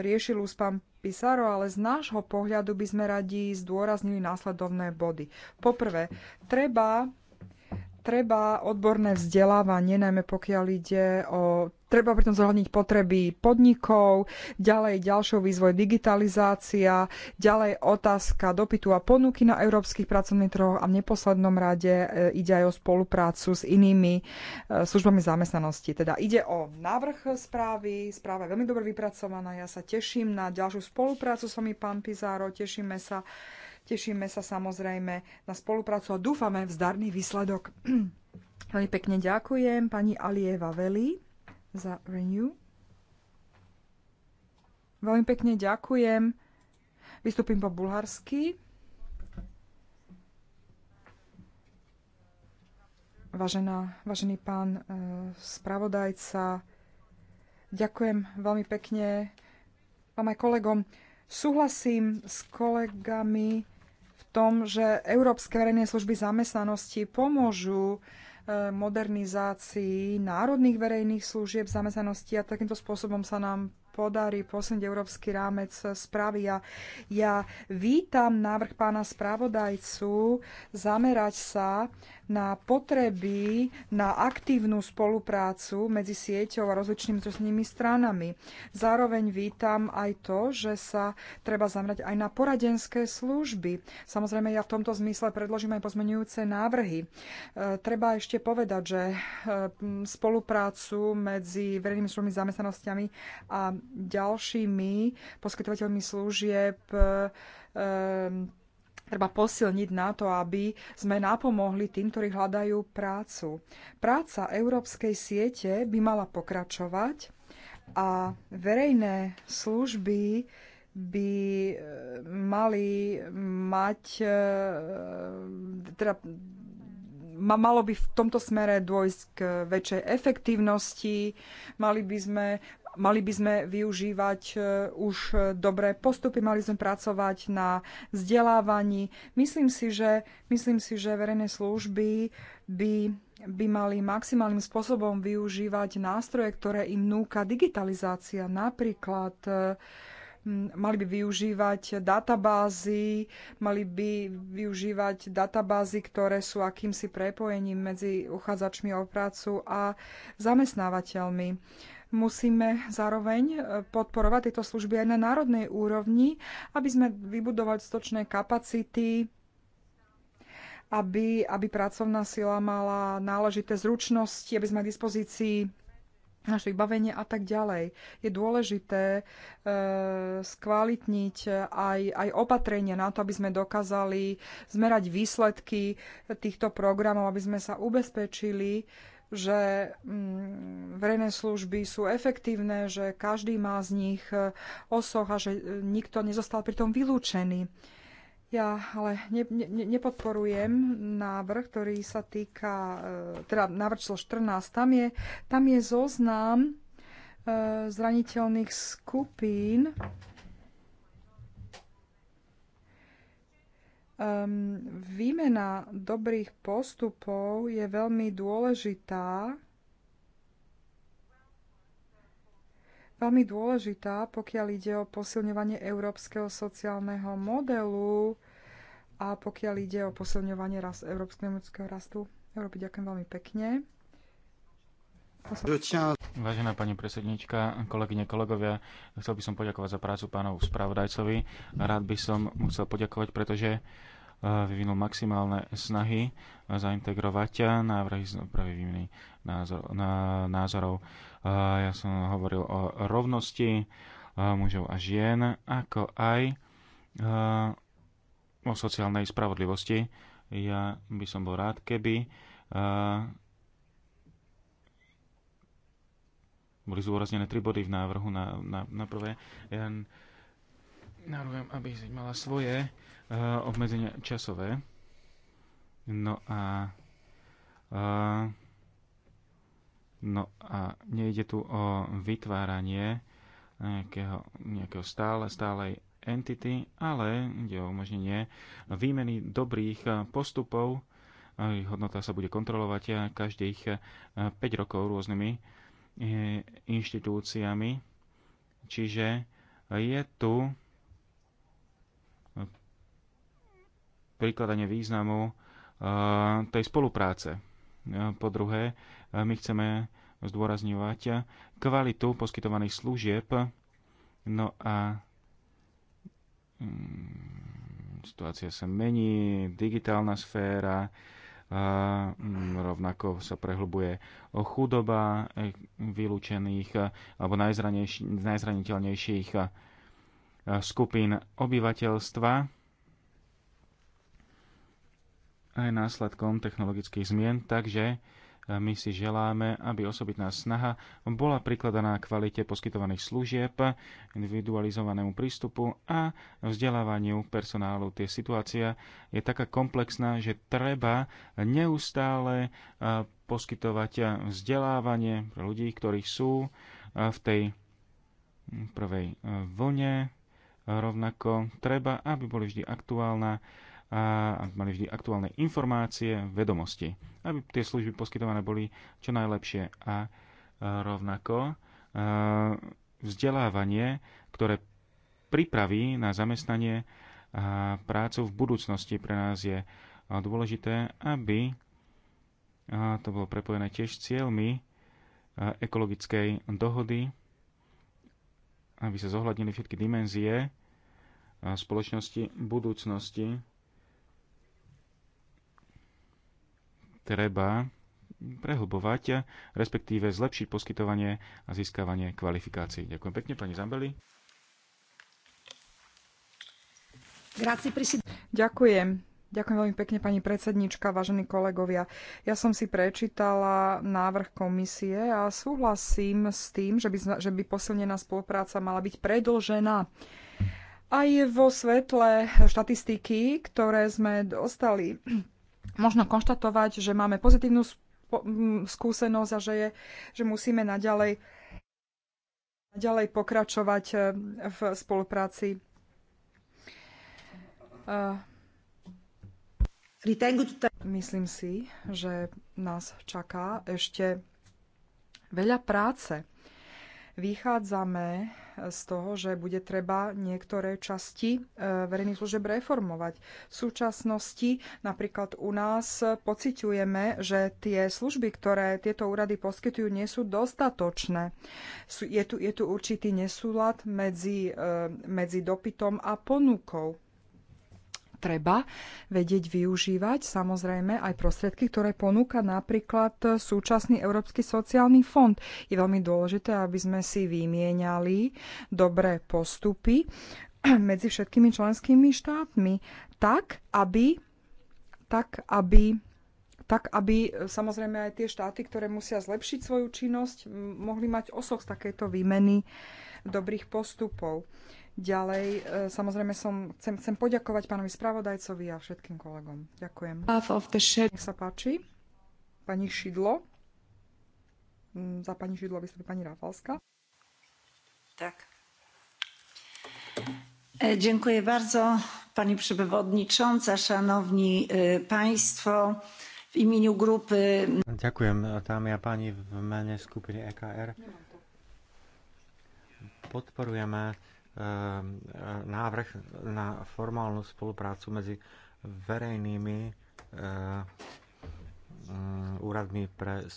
riešil už pán Pisaro, ale z nášho pohľadu by sme radi zdôraznili následovné body. Poprvé, treba treba odborné vzdelávanie, najmä pokiaľ ide o Treba pritom zohľadniť potreby podnikov, ďalej ďalšou výzvoj digitalizácia, ďalej otázka dopytu a ponuky na európskych pracovných trhoch a v neposlednom rade e, ide aj o spoluprácu s inými e, službami zamestnanosti. Teda ide o návrh správy, správa je veľmi dobre vypracovaná, ja sa teším na ďalšiu spoluprácu s vami, pán Pizáro, tešíme sa, tešíme sa samozrejme na spoluprácu a dúfame v zdarný výsledok. Veľmi pekne ďakujem pani Alieva Veli za Renew. Veľmi pekne ďakujem. Vystúpim po bulharsky. Vážená, vážený pán e, spravodajca, ďakujem veľmi pekne vám aj kolegom. Súhlasím s kolegami v tom, že Európske verejné služby zamestnanosti pomôžu modernizácii národných verejných služieb zamestnanosti a takýmto spôsobom sa nám podarí posunúť európsky rámec správy. Ja, ja vítam návrh pána spravodajcu zamerať sa na potreby, na aktívnu spoluprácu medzi sieťou a rozličnými zrostnými stranami. Zároveň vítam aj to, že sa treba zamerať aj na poradenské služby. Samozrejme, ja v tomto zmysle predložím aj pozmenujúce návrhy. E, treba ešte povedať, že e, spoluprácu medzi verejnými službami zamestnanostiami a ďalšími poskytovateľmi služieb ehm, treba posilniť na to, aby sme napomohli tým, ktorí hľadajú prácu. Práca európskej siete by mala pokračovať a verejné služby by ehm, mali mať, ehm, teda malo by v tomto smere dôjsť k väčšej efektívnosti, mali by sme mali by sme využívať e, už e, dobré postupy, mali sme pracovať na vzdelávaní. Myslím si, že, myslím si, že verejné služby by, by mali maximálnym spôsobom využívať nástroje, ktoré im núka digitalizácia. Napríklad e, mali by využívať databázy, mali by využívať databázy, ktoré sú akýmsi prepojením medzi uchádzačmi o prácu a zamestnávateľmi musíme zároveň e, podporovať tieto služby aj na národnej úrovni, aby sme vybudovali stočné kapacity, aby, aby pracovná sila mala náležité zručnosti, aby sme k dispozícii naše vybavenie a tak ďalej. Je dôležité e, skvalitniť aj, aj opatrenia na to, aby sme dokázali zmerať výsledky týchto programov, aby sme sa ubezpečili, že mm, verejné služby sú efektívne, že každý má z nich e, osoch a že e, nikto nezostal pritom vylúčený. Ja ale ne, ne, nepodporujem návrh, ktorý sa týka, e, teda návrh číslo 14. Tam je, tam je zoznam zraniteľných skupín Um, výmena dobrých postupov je veľmi dôležitá. Veľmi dôležitá, pokiaľ ide o posilňovanie európskeho sociálneho modelu a pokiaľ ide o posilňovanie rast, európskeho rastu. Európy, ďakujem veľmi pekne. Vážená pani predsednička, kolegyne, kolegovia, chcel by som poďakovať za prácu pánov spravodajcovi. Rád by som musel poďakovať, pretože vyvinul maximálne snahy zaintegrovať návrhy z prvej výmeny názor, názorov. Ja som hovoril o rovnosti mužov a žien, ako aj o sociálnej spravodlivosti. Ja by som bol rád, keby boli zúraznené tri body v návrhu na, na, na prvé. Ja navrhujem, aby mala svoje Eh, obmedzenia časové. No a, Uh, no a nejde tu o vytváranie eh, nejakého, nejakého stále, stálej entity, ale ide o umožnenie výmeny dobrých postupov. Ich hodnota sa bude kontrolovať každých 5 rokov rôznymi inštitúciami. Čiže je tu prikladanie významu eh, tej spolupráce. Eh, po druhé, eh, my chceme zdôrazňovať kvalitu poskytovaných služieb. No a mm, situácia sa mení, digitálna sféra, mm, rovnako sa prehlbuje chudoba vylúčených alebo najzraniteľnejších skupín obyvateľstva aj následkom technologických zmien, takže e, my si želáme, aby osobitná snaha bola prikladaná kvalite poskytovaných služieb, individualizovanému prístupu a vzdelávaniu personálu. Tie situácia je taká komplexná, že treba neustále e, poskytovať vzdelávanie pre ľudí, ktorí sú e, v tej prvej vlne. Rovnako treba, aby boli vždy aktuálna a mali vždy aktuálne informácie, vedomosti, aby tie služby poskytované boli čo najlepšie. A e, rovnako e, vzdelávanie, ktoré pripraví na zamestnanie a prácu v budúcnosti pre nás je e, dôležité, aby to bolo prepojené tiež s cieľmi ekologickej dohody, aby sa zohľadnili všetky dimenzie spoločnosti budúcnosti treba prehlbovať, respektíve zlepšiť poskytovanie a získavanie kvalifikácií. Ďakujem pekne, pani Zambeli. Ďakujem. Ďakujem veľmi pekne, pani predsednička, vážení kolegovia. Ja som si prečítala návrh komisie a súhlasím s tým, že by, že by posilnená spolupráca mala byť predlžená. Aj vo svetle štatistiky, ktoré sme dostali možno konštatovať, že máme pozitívnu skúsenosť a že, je, že musíme naďalej, naďalej pokračovať e, v spolupráci. E, myslím si, že nás čaká ešte veľa práce. Vychádzame z toho, že bude treba niektoré časti e, verejných služeb reformovať. V súčasnosti napríklad u nás pociťujeme, že tie služby, ktoré tieto úrady poskytujú, nie sú dostatočné. Je tu, je tu určitý nesúlad medzi, e, medzi dopytom a ponukou treba vedieť využívať samozrejme aj prostriedky, ktoré ponúka napríklad súčasný Európsky sociálny fond. Je veľmi dôležité, aby sme si vymieniali dobré postupy medzi všetkými členskými štátmi tak, aby tak, aby tak aby e, samozrejme aj tie štáty, ktoré musia zlepšiť svoju činnosť, mohli mať osoch z takejto výmeny dobrých postupov. Ďalej, e, samozrejme, som, chcem, chcem poďakovať pánovi spravodajcovi a všetkým kolegom. Ďakujem. Nech sa páči. Pani Šidlo. Mm, za pani Šidlo vystupí pani Rafalska. Tak. E, dziękuję bardzo Pani Przewodnicząca, Szanowni e, Państwo. W imieniu grupy... Dziękuję tam ja pani w imieniu skupiny EKR. Podporujemy Eh, návrh na formálnu spoluprácu medzi verejnými eh, mm, úradmi pre,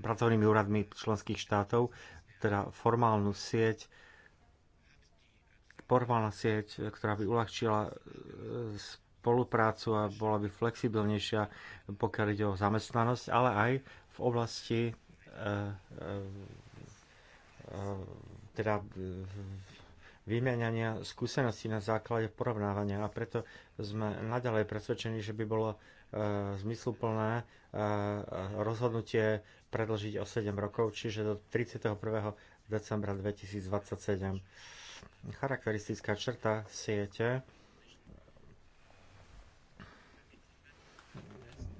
pracovnými úradmi členských štátov, teda formálnu sieť, formálna sieť, ktorá by uľahčila eh, spoluprácu a bola by flexibilnejšia, pokiaľ ide o zamestnanosť, ale aj v oblasti teda vymieňania skúseností na základe porovnávania a preto sme naďalej presvedčení, že by bolo e, zmysluplné e, rozhodnutie predlžiť o 7 rokov, čiže do 31. decembra 2027. Charakteristická črta siete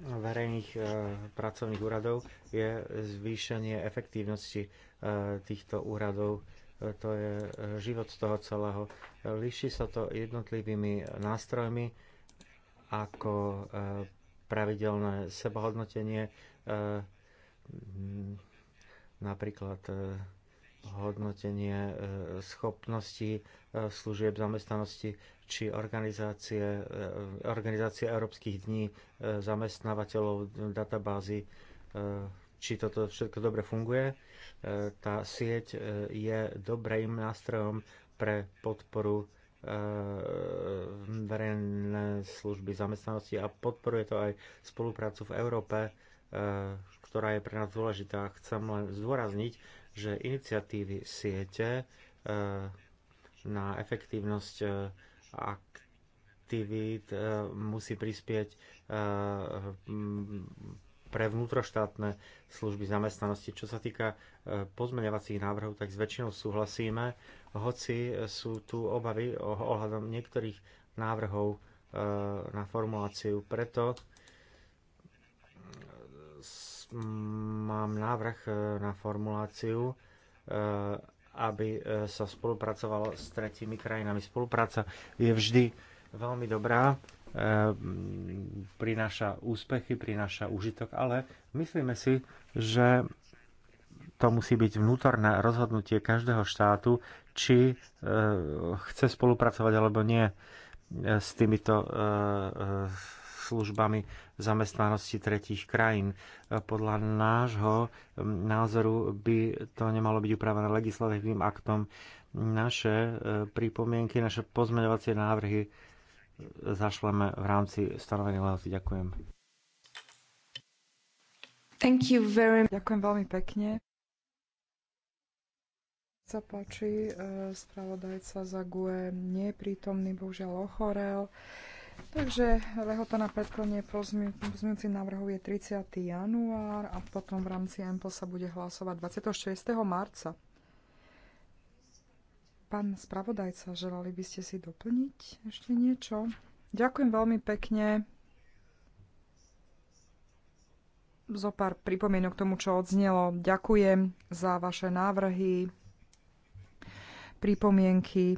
verejných e, pracovných úradov je zvýšenie efektívnosti e, týchto úradov E, to je e, život toho celého. E, líši sa to jednotlivými nástrojmi, ako pravidelné sebahodnotenie, napríklad hodnotenie schopností služieb zamestnanosti či organizácie, organizácie Európskych dní zamestnávateľov databázy či toto všetko dobre funguje. E, tá sieť e, je dobrým nástrojom pre podporu e, verejné služby zamestnanosti a podporuje to aj spoluprácu v Európe, ktorá je pre nás dôležitá. Chcem len zdôrazniť, že iniciatívy siete na efektívnosť aktivít musí prispieť pre vnútroštátne služby zamestnanosti. Čo sa týka e, pozmeňovacích návrhov, tak s väčšinou súhlasíme, hoci e, sú tu obavy ohľadom niektorých návrhov e, na formuláciu. Preto mám návrh na formuláciu, aby sa spolupracovalo s tretími krajinami. Spolupráca je vždy veľmi dobrá Ehm, prináša úspechy, prináša užitok, ale myslíme si, že to musí byť vnútorné rozhodnutie každého štátu, či e, chce spolupracovať alebo nie e, s týmito e, službami zamestnanosti tretích krajín. Podľa nášho názoru by to nemalo byť upravené legislatívnym aktom. Naše pripomienky, naše pozmeňovacie návrhy zašleme v rámci stanovenej lehoty. Ďakujem. Thank you very... Ďakujem veľmi pekne. Sa páči, e, spravodajca za GUE nie je prítomný, bohužiaľ ochorel. Takže lehota na predklonie pozmeňujúcich návrhov je 30. január a potom v rámci EMPL sa bude hlasovať 26. marca. Pán spravodajca, želali by ste si doplniť ešte niečo? Ďakujem veľmi pekne. Zo pár pripomienok k tomu, čo odznelo. Ďakujem za vaše návrhy, pripomienky.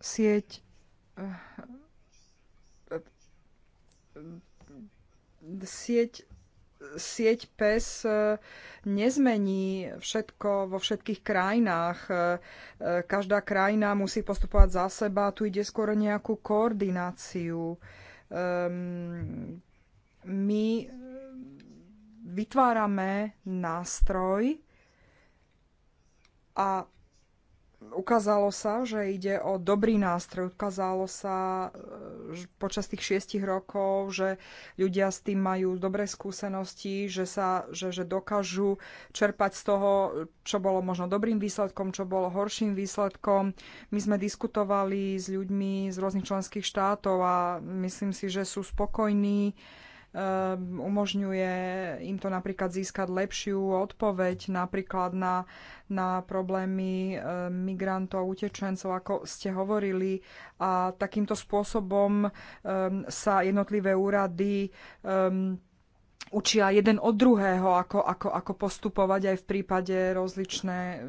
Sieť eh, eh, sieť sieť PES e, nezmení všetko vo všetkých krajinách. E, e, každá krajina musí postupovať za seba, tu ide skôr nejakú koordináciu. Ehm, my vytvárame nástroj a ukázalo sa, že ide o dobrý nástroj. Ukázalo sa e, počas tých šiestich rokov, že ľudia s tým majú dobré skúsenosti, že, sa, že, že dokážu čerpať z toho, čo bolo možno dobrým výsledkom, čo bolo horším výsledkom. My sme diskutovali s ľuďmi z rôznych členských štátov a myslím si, že sú spokojní Ehm, umožňuje im to napríklad získať lepšiu odpoveď napríklad na, na problémy ehm, migrantov, utečencov, ako ste hovorili. A takýmto spôsobom ehm, sa jednotlivé úrady učia jeden od druhého, ako, ako, ako postupovať aj v prípade rozličné,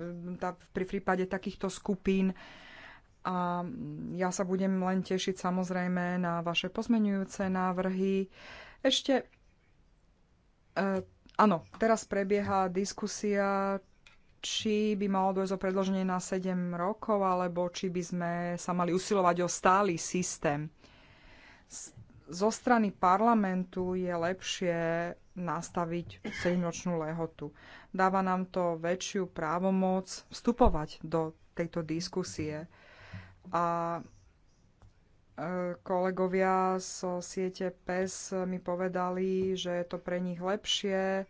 pri prípade takýchto skupín. A ja sa budem len tešiť samozrejme na vaše pozmenujúce návrhy. Ešte, uh, áno, teraz prebieha diskusia, či by malo dôjsť o predloženie na 7 rokov, alebo či by sme sa mali usilovať o stály systém. Z, zo strany parlamentu je lepšie nastaviť 7-ročnú lehotu. Dáva nám to väčšiu právomoc vstupovať do tejto diskusie. A kolegovia zo so siete PES mi povedali, že je to pre nich lepšie,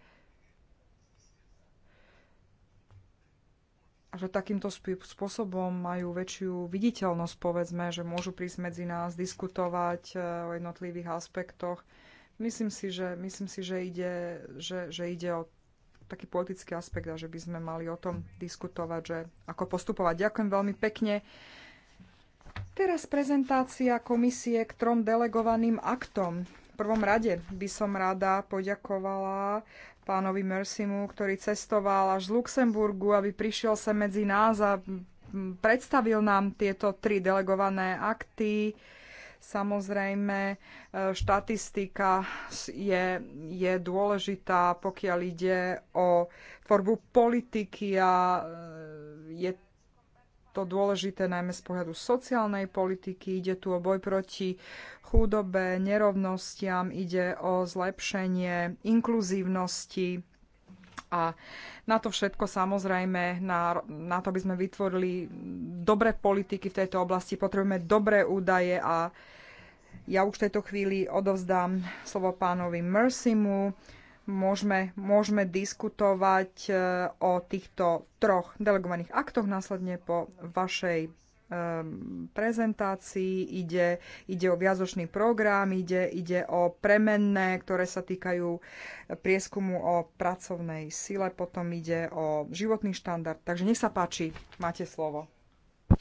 a že takýmto spôsobom majú väčšiu viditeľnosť, povedzme, že môžu prísť medzi nás, diskutovať eh, o jednotlivých aspektoch. Myslím si, že, myslím si, že, ide, že, že ide o taký politický aspekt a že by sme mali o tom diskutovať, že ako postupovať. Ďakujem veľmi pekne. Teraz prezentácia komisie k trom delegovaným aktom. V prvom rade by som rada poďakovala pánovi Mersimu, ktorý cestoval až z Luxemburgu, aby prišiel sem medzi nás a predstavil nám tieto tri delegované akty. Samozrejme, e, štatistika je, je dôležitá, pokiaľ ide o tvorbu politiky a e, je to dôležité najmä z pohľadu sociálnej politiky. Ide tu o boj proti chudobe, nerovnostiam, ide o zlepšenie inkluzívnosti a na to všetko samozrejme, na, na to, aby sme vytvorili dobré politiky v tejto oblasti, potrebujeme dobré údaje a ja už v tejto chvíli odovzdám slovo pánovi Mercimu môžeme, môžeme diskutovať e, o týchto troch delegovaných aktoch následne po vašej prezentácii, ide, ide o viazočný program, ide, ide o premenné, ktoré sa týkajú e, prieskumu o pracovnej sile, potom ide o životný štandard. Takže nech sa páči, máte slovo.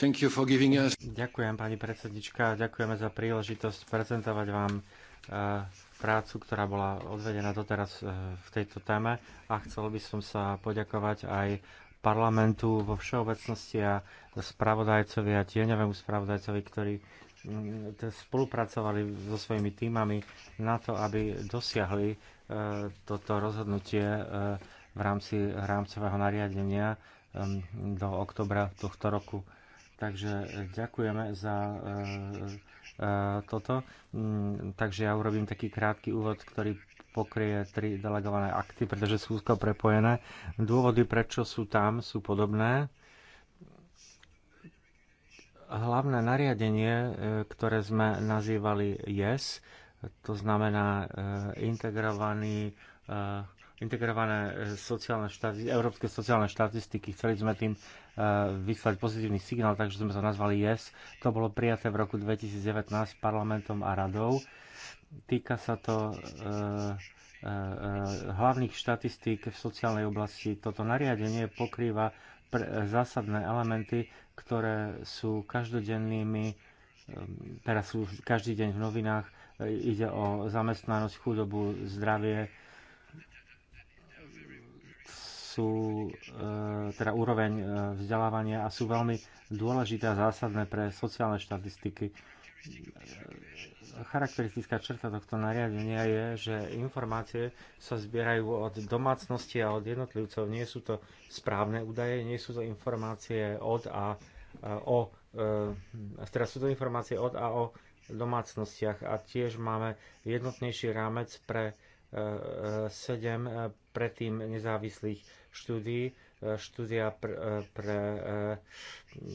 Thank you for giving us... Ďakujem, pani predsednička, ďakujeme za príležitosť prezentovať vám uh, prácu, ktorá bola odvedená doteraz e, v tejto téme a chcel by som sa poďakovať aj parlamentu vo všeobecnosti a spravodajcovi a tieňovému spravodajcovi, ktorí mm, spolupracovali so svojimi týmami na to, aby dosiahli e, toto rozhodnutie e, v rámci rámcového nariadenia do oktobra tohto roku. Takže ďakujeme za toto. Mm, takže ja urobím taký krátky úvod, ktorý pokrie tri delegované akty, pretože sú úzko prepojené. Dôvody, prečo sú tam, sú podobné. Hlavné nariadenie, e, ktoré sme nazývali JES, to znamená e, integrovaný e, integrované e, sociálne štati- európske sociálne štatistiky. Chceli sme tým e, vyslať pozitívny signál, takže sme to nazvali YES. To bolo prijaté v roku 2019 parlamentom a radou. Týka sa to e, hlavných štatistík v sociálnej oblasti. Toto nariadenie pokrýva zásadné elementy, ktoré sú každodennými, teraz sú každý deň v novinách, ide o zamestnanosť, chudobu, zdravie, sú e, teda úroveň e, vzdelávania a sú veľmi dôležité a zásadné pre sociálne štatistiky. Charakteristická črta tohto nariadenia je, že informácie sa zbierajú od domácnosti a od jednotlivcov. Nie sú to správne údaje, nie sú to informácie od a e, o teraz sú to informácie od a o domácnostiach a tiež máme jednotnejší rámec pre 7 predtým nezávislých štúdii, e, štúdia e, pre, pre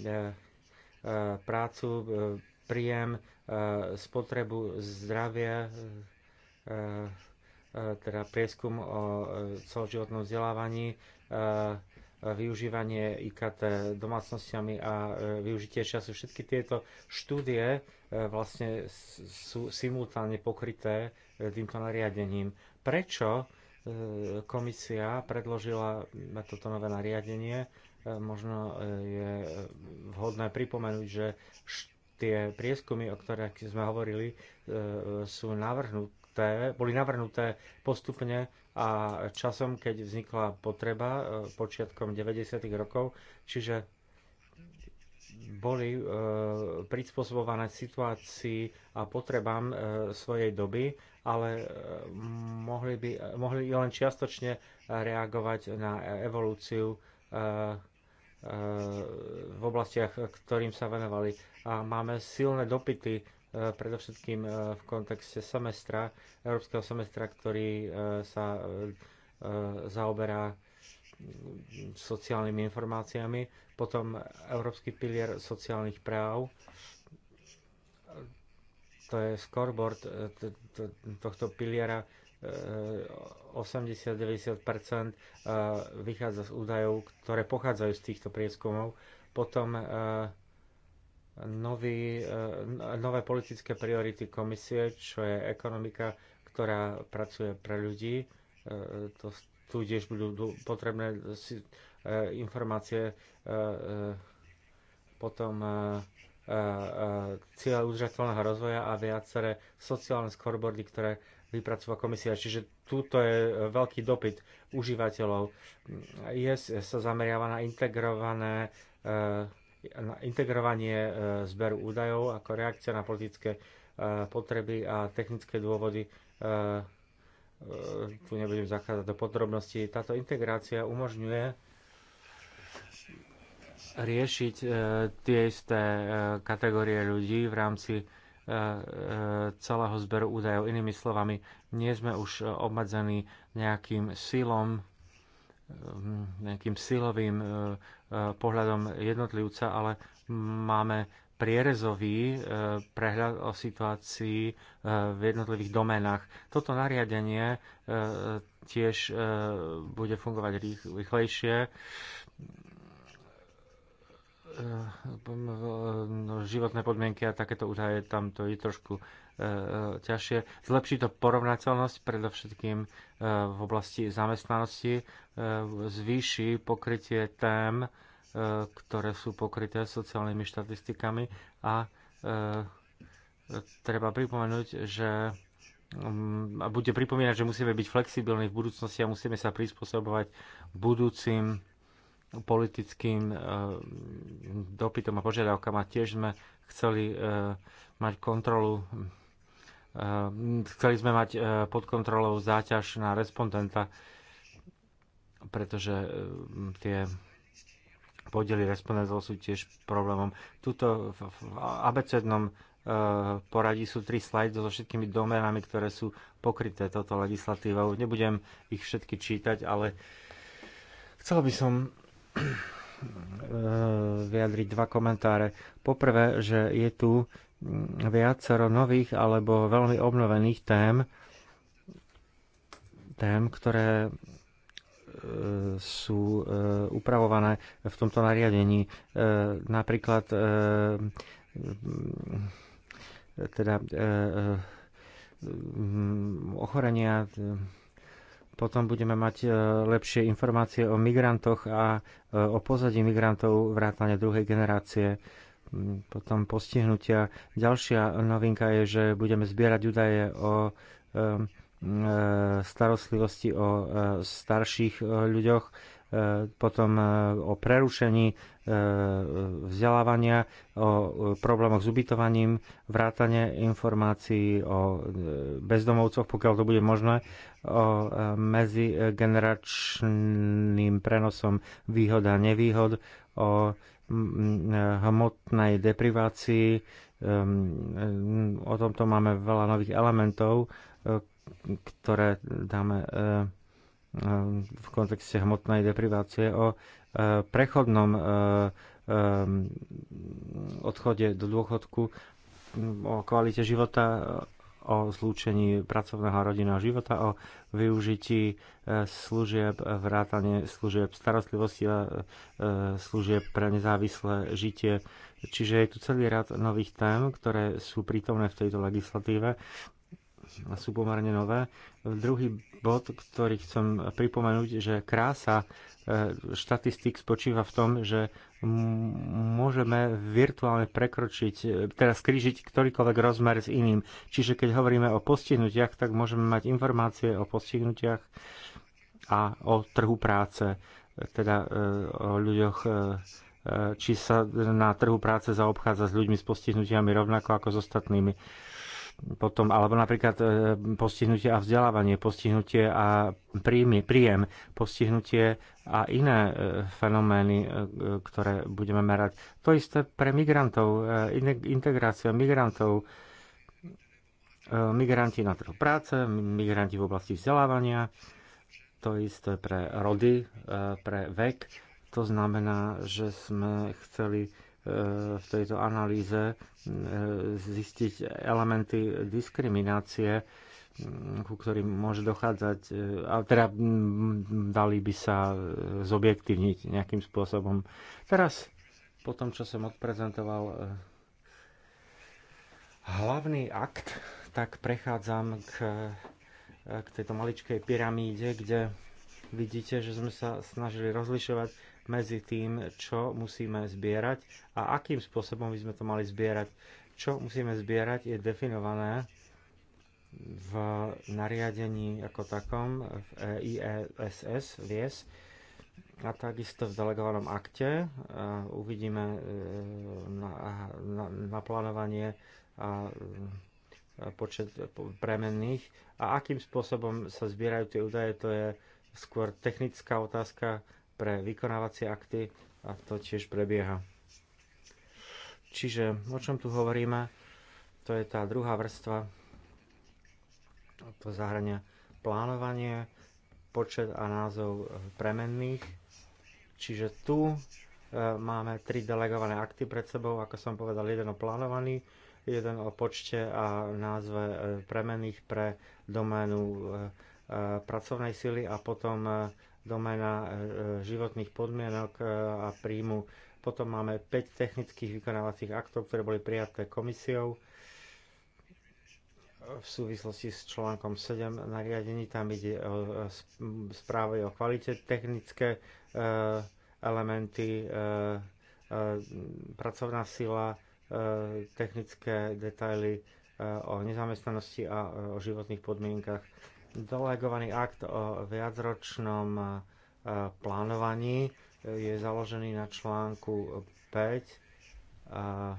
e, prácu, príjem, spotrebu zdravia, teda prieskum o celoživotnom vzdelávaní, využívanie IKT domácnosťami a využitie času. Všetky tieto štúdie vlastne sú simultánne pokryté týmto nariadením. Prečo E, komisia predložila toto nové nariadenie. E, možno e, je vhodné pripomenúť, že tie prieskumy, o ktorých sme hovorili, sú navrhnuté, boli navrhnuté postupne a časom, keď vznikla potreba počiatkom 90. rokov, čiže boli e, prispôsobované situácii a potrebám e, svojej doby, ale e, mohli, by, mohli len čiastočne reagovať na evolúciu e, e, v oblastiach, ktorým sa venovali. A máme silné dopity, e, predovšetkým e, v kontexte semestra, európskeho semestra, ktorý e, sa e, zaoberá e, sociálnymi informáciami, potom Európsky pilier sociálnych práv, to je scoreboard e, tohto piliera, 80-90% e, e, vychádza z údajov, ktoré pochádzajú z týchto prieskumov. Potom nový, nové politické priority komisie, čo je ekonomika, ktorá pracuje pre ľudí. To tu tiež budú potrebné e, informácie e, e, potom cieľa udržateľného rozvoja a viaceré sociálne scoreboardy, ktoré vypracová komisia. Čiže túto je veľký dopyt užívateľov. IS sa zameriava na integrované na integrovanie zberu údajov ako reakcia na politické potreby a technické dôvody E, tu nebudem zachádzať do podrobností, táto integrácia umožňuje riešiť e, tie isté e, kategórie ľudí v rámci celého zberu údajov. Inými slovami, nie sme už obmedzení nejakým silom, nejakým silovým pohľadom jednotlivca, ale máme prierezový e, prehľad o situácii e, v jednotlivých domenách. Toto nariadenie e, tiež bude fungovať rýchlejšie. Životné podmienky a takéto údaje tam to je trošku ťažšie. Zlepší to porovnateľnosť, predovšetkým v oblasti zamestnanosti, zvýši pokrytie tém, E, ktoré sú pokryté sociálnymi štatistikami a e, treba pripomenúť, že mm, a bude pripomínať, že musíme byť flexibilní v budúcnosti a musíme sa prispôsobovať budúcim politickým e, dopytom a požiadavkám a tiež sme chceli mať kontrolu chceli sme mať pod kontrolou záťaž na respondenta pretože tie podeli respondentov sú tiež problémom. Tuto v abecednom e, poradí sú tri slajdy so všetkými domenami, ktoré sú pokryté toto legislatívou. Nebudem ich všetky čítať, ale chcel by som e, vyjadriť dva komentáre. Poprvé, že je tu viacero nových alebo veľmi obnovených tém, tém, ktoré sú e, upravované v tomto nariadení. E, napríklad e, teda ochorenia potom budeme mať lepšie informácie o migrantoch a o pozadí migrantov vrátane druhej generácie potom postihnutia. Ďalšia novinka je, že budeme zbierať údaje o E, starostlivosti o e, starších e, ľuďoch, potom o prerušení vzdelávania, o problémoch s ubytovaním, vrátanie informácií o bezdomovcoch, pokiaľ to bude možné, o medzigeneračným prenosom výhod a nevýhod, o hmotnej deprivácii. Ehm, o tomto máme veľa nových elementov, ktoré dáme e, e, v kontexte hmotnej deprivácie o e, prechodnom odchode do dôchodku, o kvalite života, o zlúčení pracovného a rodinného života, o využití služieb, vrátane služieb starostlivosti a služieb pre nezávislé žitie. Čiže je tu celý rad nových tém, ktoré sú prítomné v tejto legislatíve a sú pomerne nové. Druhý bod, ktorý chcem pripomenúť, že krása e, štatistik spočíva v tom, že môžeme virtuálne prekročiť, e, teda skrížiť ktorýkoľvek rozmer s iným. Čiže keď hovoríme o postihnutiach, tak môžeme mať informácie o postihnutiach a o trhu práce, teda e, o ľuďoch či sa na trhu práce zaobchádza s ľuďmi s postihnutiami rovnako ako s ostatnými potom, alebo napríklad e, postihnutie a vzdelávanie, postihnutie a príjmy, príjem, postihnutie a iné e, fenomény, e, ktoré budeme merať. To isté pre migrantov, integrácia migrantov, migranti na trhu práce, migranti v oblasti vzdelávania, to isté pre rody, pre vek. To znamená, že sme chceli v tejto analýze e, zistiť elementy diskriminácie, ku ktorým môže dochádzať, e, a teda dali by sa e, zobjektívniť nejakým spôsobom. Teraz, po tom, čo som odprezentoval hlavný akt, tak prechádzam k, k tejto maličkej pyramíde, kde vidíte, že sme sa snažili rozlišovať medzi tým, čo musíme zbierať a akým spôsobom by sme to mali zbierať. Čo musíme zbierať je definované v nariadení ako takom v EISS, e VIES, a takisto v delegovanom akte. E, uvidíme e, na, na, naplánovanie a počet premenných a akým spôsobom sa zbierajú tie údaje, to je skôr technická otázka, pre vykonávacie akty a to tiež prebieha. Čiže o čom tu hovoríme, to je tá druhá vrstva, to zahrania plánovanie, počet a názov e, premenných. Čiže tu e, máme tri delegované akty pred sebou, ako som povedal, jeden o plánovaný, jeden o počte a názve e, premenných pre doménu E, pracovnej sily a potom e, domena e, životných podmienok a príjmu. Potom máme 5 technických vykonávacích aktov, ktoré boli prijaté komisiou v súvislosti s článkom 7 nariadení. Tam ide o správy o kvalite, technické elementy, pracovná sila, technické detaily o nezamestnanosti a o životných podmienkach Delegovaný akt o viacročnom e, plánovaní e, je založený na článku 5 e,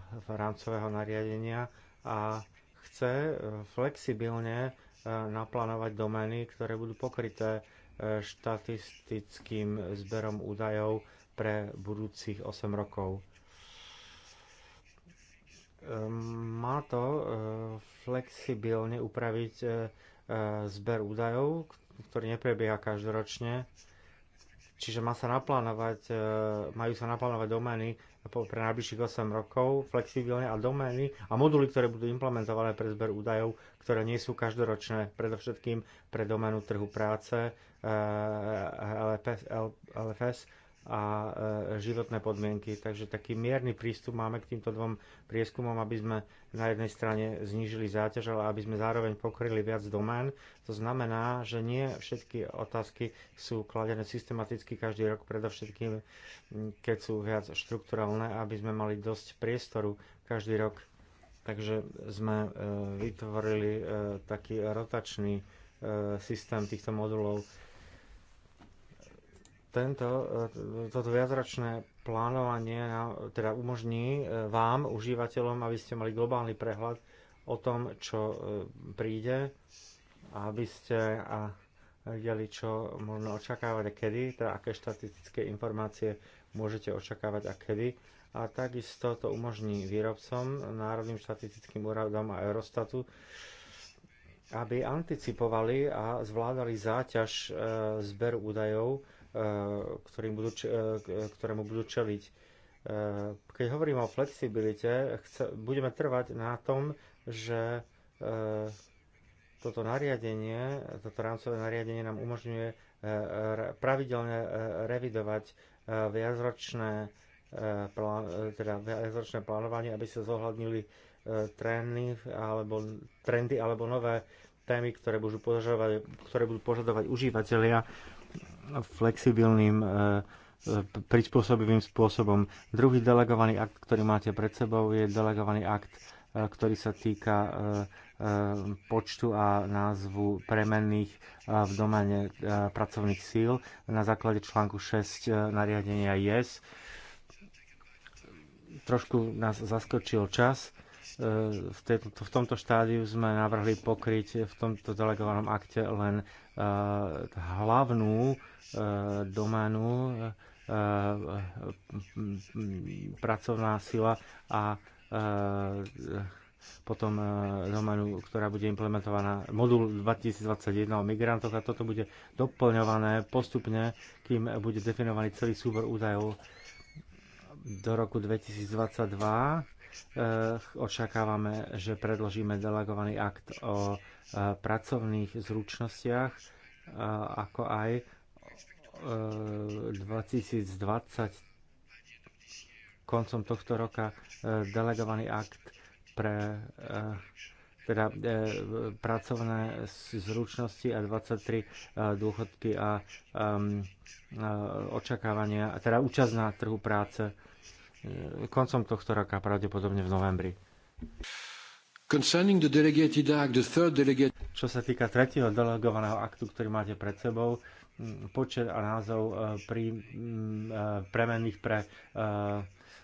v rámcového nariadenia a chce flexibilne naplánovať domény, ktoré budú pokryté štatistickým zberom údajov pre budúcich 8 rokov. Má to flexibilne upraviť E, zber údajov, ktorý neprebieha každoročne. Čiže má sa naplánovať, e, majú sa naplánovať domény pre najbližších 8 rokov flexibilne a domény a moduly, ktoré budú implementované pre zber údajov, ktoré nie sú každoročné, predovšetkým pre doménu trhu práce e, LFS, a e, životné podmienky. Takže taký mierny prístup máme k týmto dvom prieskumom, aby sme na jednej strane znížili záťaž, ale aby sme zároveň pokryli viac domén. To znamená, že nie všetky otázky sú kladené systematicky každý rok, predovšetkým keď sú viac štrukturálne, aby sme mali dosť priestoru každý rok. Takže sme e, vytvorili e, taký rotačný systém týchto modulov tento, e, toto viacročné plánovanie teda umožní e, vám, užívateľom, aby ste mali globálny prehľad o tom, čo e, príde, aby ste a vedeli, čo možno očakávať a kedy, teda aké štatistické informácie môžete očakávať a kedy. A takisto to umožní výrobcom, Národným štatistickým úradom a Eurostatu, aby anticipovali a zvládali záťaž zberu údajov, Eh, ktorým budú, eh, ktorému budú čeliť. Eh, keď hovorím o flexibilite, budeme trvať na tom, že toto nariadenie, toto rámcové nariadenie nám umožňuje pravidelne revidovať viacročné, plán, teda viacročné plánovanie, aby sa zohľadnili trendy alebo, trendy alebo nové témy, ktoré budú požadovať, ktoré budú požadovať užívateľia flexibilným, e, e, prispôsobivým spôsobom. Druhý delegovaný akt, ktorý máte pred sebou, je delegovaný akt, e, ktorý sa týka počtu a názvu premenných v domene pracovných síl na základe článku 6 nariadenia JES. Trošku nás zaskočil čas. V, tejto, v tomto štádiu sme navrhli pokryť v tomto delegovanom akte len Eh, hlavnú eh, doménu eh, pracovná sila a potom doménu, ktorá bude implementovaná, modul 2021 o migrantoch a toto bude doplňované postupne, kým bude definovaný celý súbor údajov do roku 2022 Eh, očakávame, že predložíme delegovaný akt o eh, pracovných zručnostiach, eh, ako aj 2020 koncom tohto roka delegovaný akt pre teda pracovné zručnosti a 23 dôchodky a očakávania, teda účasť na trhu práce. E, koncom tohto roka, pravdepodobne v novembri. Čo sa týka tretieho delegovaného aktu, ktorý máte pred sebou, počet a názov e, pri e, premenných pre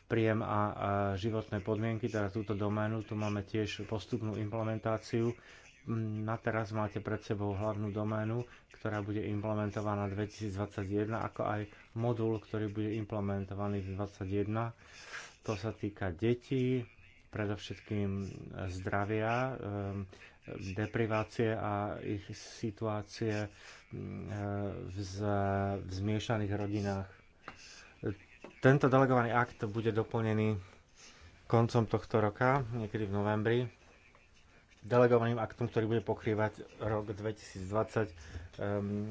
príjem a životné podmienky, teda túto doménu, tu máme tiež postupnú implementáciu na teraz máte pred sebou hlavnú doménu, ktorá bude implementovaná 2021, ako aj modul, ktorý bude implementovaný v 2021. To sa týka detí, predovšetkým zdravia, ehm, deprivácie a ich situácie ehm, v zmiešaných rodinách. Tento delegovaný akt bude doplnený koncom tohto roka, niekedy v novembri, delegovaným aktom, ktorý bude pokrývať rok 2020, um,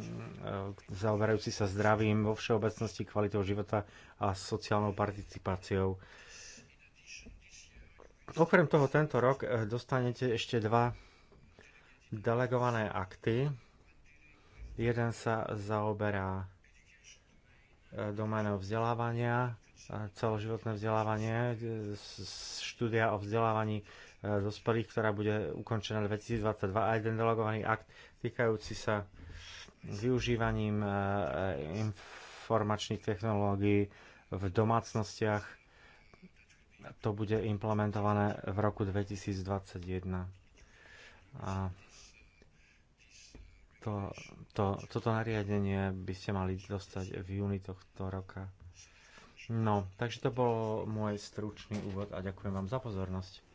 e, zaoberajúci sa zdravím vo všeobecnosti, kvalitou života a sociálnou participáciou. Okrem toho, tento rok e, dostanete ešte dva delegované akty. Jeden sa zaoberá e, doménou vzdelávania, celoživotné vzdelávanie, štúdia o vzdelávaní dospelých, e, ktorá bude ukončená 2022 a jeden delegovaný akt týkajúci sa využívaním e, e, informačných technológií v domácnostiach. To bude implementované v roku 2021. A to, to, toto nariadenie by ste mali dostať v júni tohto roka. No, takže to bol môj stručný úvod a ďakujem vám za pozornosť.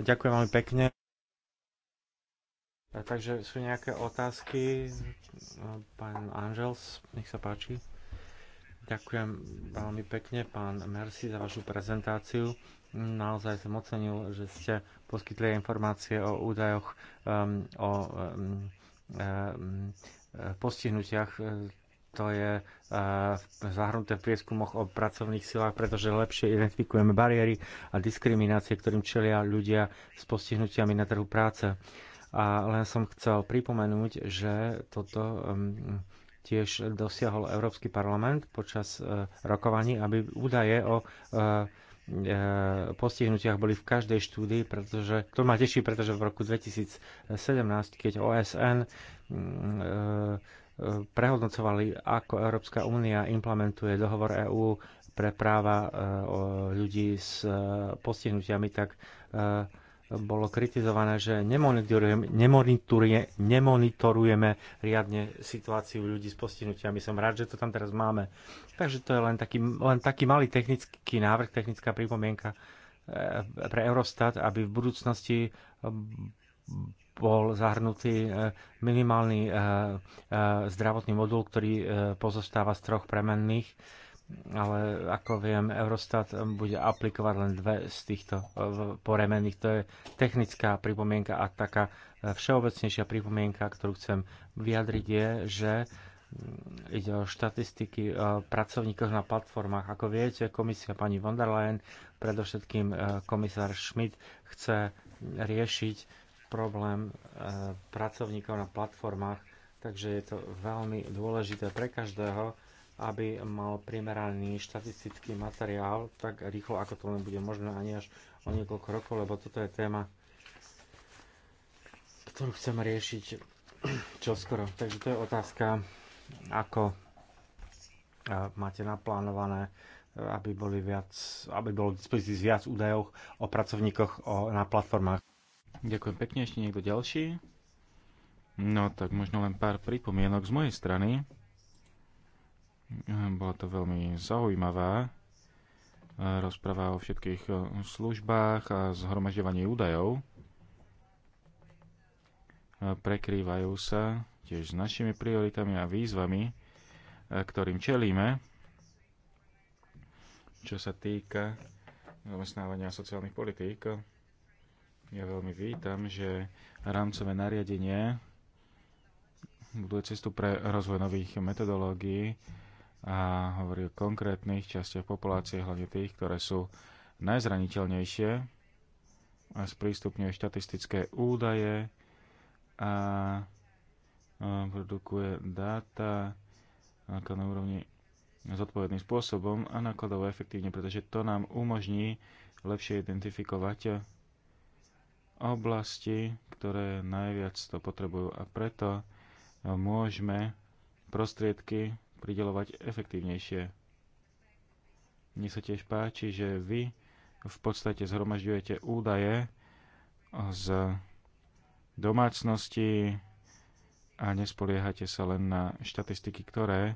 Ďakujem veľmi pekne. Takže sú nejaké otázky? No, pán Angels, nech sa páči. Ďakujem veľmi pekne, pán Merci, za vašu prezentáciu. Naozaj som ocenil, že ste poskytli informácie o údajoch, um, o um, um, postihnutiach to je eh, zahrnuté v prieskumoch o pracovných silách, pretože lepšie identifikujeme bariéry a diskriminácie, ktorým čelia ľudia s postihnutiami na trhu práce. A len som chcel pripomenúť, že toto tiež dosiahol Európsky parlament počas eh, rokovaní, aby údaje o eh, postihnutiach boli v každej štúdii, pretože to ma teší, pretože v roku 2017, keď OSN mm, prehodnocovali, ako Európska únia implementuje dohovor EÚ pre práva e, ľudí s e, postihnutiami, tak e, bolo kritizované, že nemonitorujeme, nemonitoruje, nemonitorujeme riadne situáciu ľudí s postihnutiami. Som rád, že to tam teraz máme. Takže to je len taký, len taký malý technický návrh, technická pripomienka pre Eurostat, aby v budúcnosti bol zahrnutý e, minimálny e, e, zdravotný modul, ktorý pozostáva z troch premenných, ale ako viem, Eurostat bude aplikovať len dve z týchto poremenných. To je technická pripomienka a taká všeobecnejšia pripomienka, ktorú chcem vyjadriť je, že mm, ide o štatistiky o na platformách. Ako viete, komisia pani von der Leyen, predovšetkým komisár Schmidt chce riešiť problém e, pracovníkov na platformách, takže je to veľmi dôležité pre každého, aby mal primeraný štatistický materiál tak rýchlo, ako to len bude možné, ani až o niekoľko rokov, lebo toto je téma, ktorú chcem riešiť čoskoro. Takže to je otázka, ako e, máte naplánované e, aby, boli viac, aby bolo dispozícii viac údajov o pracovníkoch o, na platformách. Ďakujem pekne, ešte niekto ďalší? No tak možno len pár pripomienok z mojej strany. Bola to veľmi zaujímavá eh, rozpráva o všetkých eh, službách a zhromažďovaní údajov. Eh, prekrývajú sa tiež s našimi prioritami a výzvami, ktorým čelíme, čo sa týka zamestnávania sociálnych politík. Ja veľmi vítam, že rámcové nariadenie buduje cestu pre rozvoj nových metodológií a hovorí o konkrétnych častiach populácie, hlavne tých, ktoré sú najzraniteľnejšie a sprístupňuje štatistické údaje a produkuje dáta ako na úrovni zodpovedným spôsobom a nakladovo efektívne, pretože to nám umožní lepšie identifikovať oblasti, ktoré najviac to potrebujú a preto môžeme prostriedky pridelovať efektívnejšie. Mne sa tiež páči, že vy v podstate zhromažďujete údaje z domácnosti a nespoliehate sa len na štatistiky, ktoré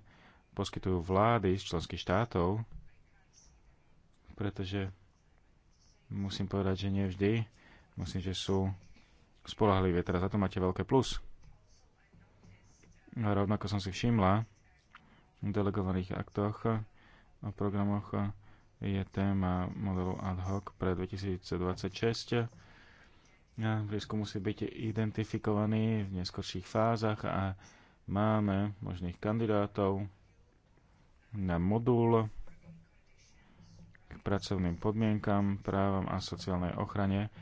poskytujú vlády z členských štátov, pretože musím povedať, že nevždy myslím, že sú spolahlivé. Teraz za to máte veľké plus. A rovnako som si všimla v delegovaných aktoch a programoch je téma modelu ad hoc pre 2026. Blízko musí byť identifikovaný v neskorších fázach a máme možných kandidátov na modul k pracovným podmienkam, právam a sociálnej ochrane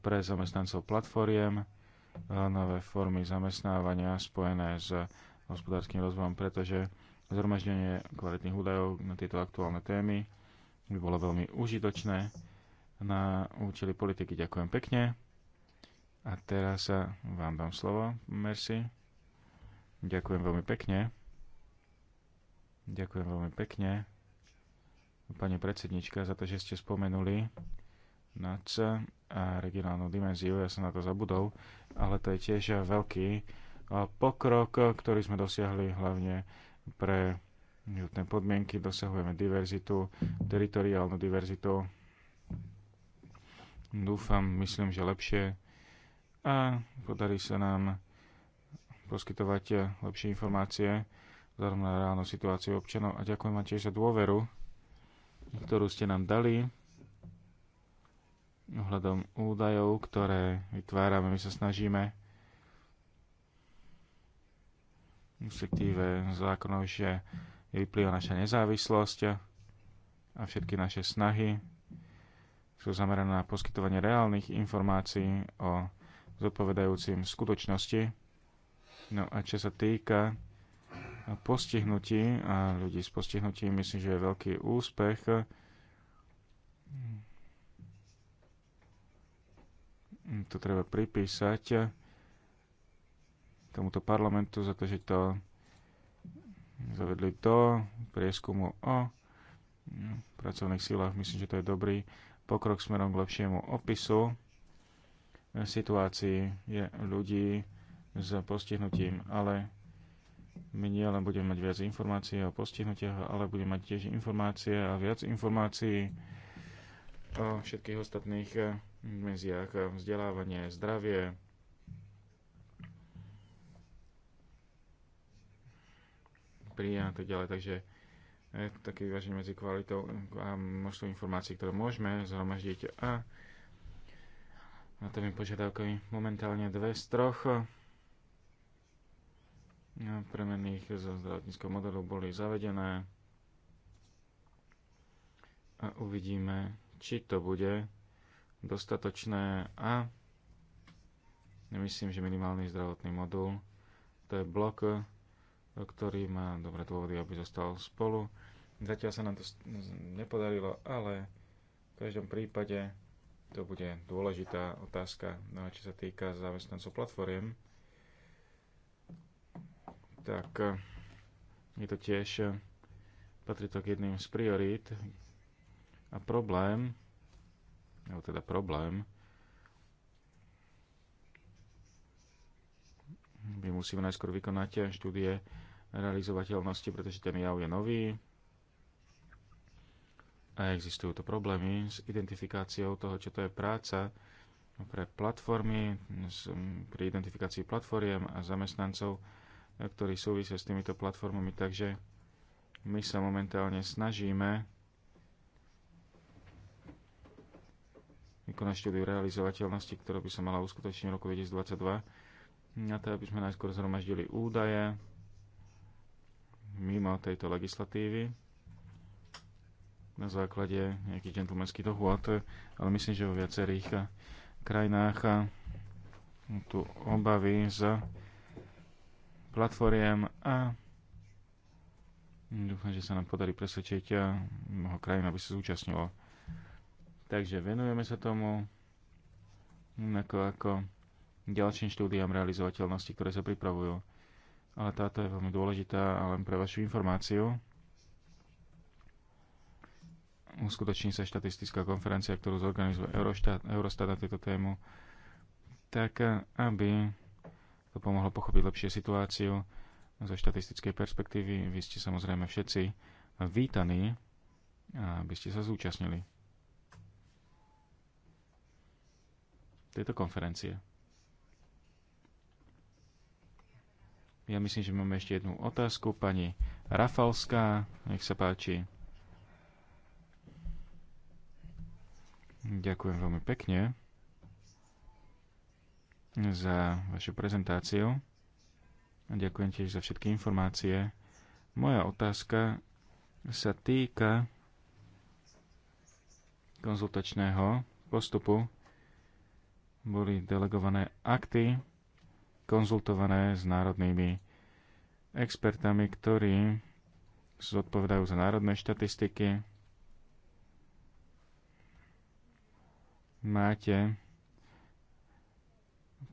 pre zamestnancov platformiem, nové formy zamestnávania spojené s hospodárskym rozvojom, pretože zhromaždenie kvalitných údajov na tieto aktuálne témy by bolo veľmi užitočné na účely politiky. Ďakujem pekne. A teraz sa vám dám slovo. Merci. Ďakujem veľmi pekne. Ďakujem veľmi pekne, pani predsednička, za to, že ste spomenuli NAC a regionálnu dimenziu. Ja som na to zabudol, ale to je tiež veľký e, pokrok, ktorý sme dosiahli hlavne pre životné podmienky. Dosahujeme diverzitu, teritoriálnu diverzitu. Dúfam, myslím, že lepšie a podarí sa nám poskytovať lepšie informácie vzhľadom na reálnu situáciu občanov a ďakujem vám tiež za dôveru, ktorú ste nám dali ohľadom údajov, ktoré vytvárame. My sa snažíme respektíve zákonovšie vyplýva naša nezávislosť a všetky naše snahy sú zamerané na poskytovanie reálnych informácií o zodpovedajúcim skutočnosti. No a čo sa týka postihnutí a ľudí s postihnutím, myslím, že je veľký úspech Hm, to treba pripísať tomuto parlamentu za to, že to zavedli do prieskumu o hm, pracovných sílach. Myslím, že to je dobrý pokrok smerom k lepšiemu opisu situácii je ľudí s postihnutím, ale my nie len budeme mať viac informácií o postihnutiach, ale budeme mať tiež informácie a viac informácií o všetkých ostatných eh, medziach eh, vzdelávanie, zdravie, príjem a tak ďalej. Takže je eh, to vyváženie medzi kvalitou eh, a množstvom informácií, ktoré môžeme zhromaždiť a na tými požiadavkami momentálne dve z troch premených zo zdravotníckého modelu boli zavedené a uvidíme, či to bude dostatočné a myslím, že minimálny zdravotný modul to je blok, ktorý má dobré dôvody, aby zostal spolu. Zatiaľ sa nám to nepodarilo, ale v každom prípade to bude dôležitá otázka, no a čo sa týka zamestnancov platformiem, tak eh, je to tiež, eh, patrí to k jedným z priorít a problém, alebo teda problém, my musíme najskôr vykonať štúdie realizovateľnosti, pretože ten jav je nový a existujú tu problémy s identifikáciou toho, čo to je práca pre platformy, pri identifikácii platformiem a zamestnancov, ktorí súvisia s týmito platformami. Takže my sa momentálne snažíme vykonať štúdiu realizovateľnosti, ktorá by sa mala uskutočniť v roku 2022, na to, aby sme najskôr zhromaždili údaje mimo tejto legislatívy na základe nejakých gentlemanských dohôd, ale myslím, že vo viacerých krajinách tu obavy z platformiem a dúfam, že sa nám podarí presvedčiť mnoho krajín, aby sa zúčastnilo Takže venujeme sa tomu, ako, ako ďalším štúdiám realizovateľnosti, ktoré sa pripravujú. Ale táto je veľmi dôležitá, len pre vašu informáciu. Uskutoční sa štatistická konferencia, ktorú zorganizuje Eurostat, Eurostat na tejto tému, tak aby to pomohlo pochopiť lepšie situáciu zo štatistickej perspektívy. Vy ste samozrejme všetci vítaní, aby ste sa zúčastnili. tejto konferencie. Ja myslím, že máme ešte jednu otázku. Pani Rafalská, nech sa páči. Ďakujem veľmi pekne za vašu prezentáciu. A ďakujem tiež za všetky informácie. Moja otázka sa týka konzultačného postupu boli delegované akty konzultované s národnými expertami, ktorí zodpovedajú za národné štatistiky. Máte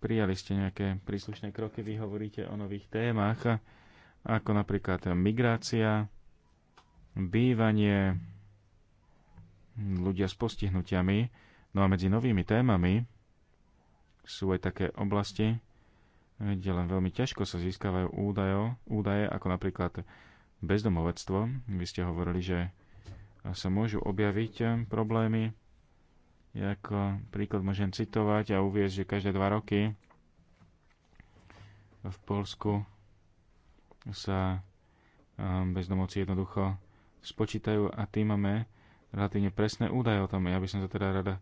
prijali ste nejaké príslušné kroky, vy hovoríte o nových témach, ako napríklad migrácia, bývanie, ľudia s postihnutiami. No a medzi novými témami sú aj také oblasti, kde len veľmi ťažko sa získavajú údaje, údaje, ako napríklad bezdomovectvo. Vy ste hovorili, že sa môžu objaviť problémy. Ja ako príklad môžem citovať a uviezť, že každé dva roky v Polsku sa ehm, bezdomovci jednoducho spočítajú a tým máme relatívne presné údaje o tom. Ja by som sa teda rada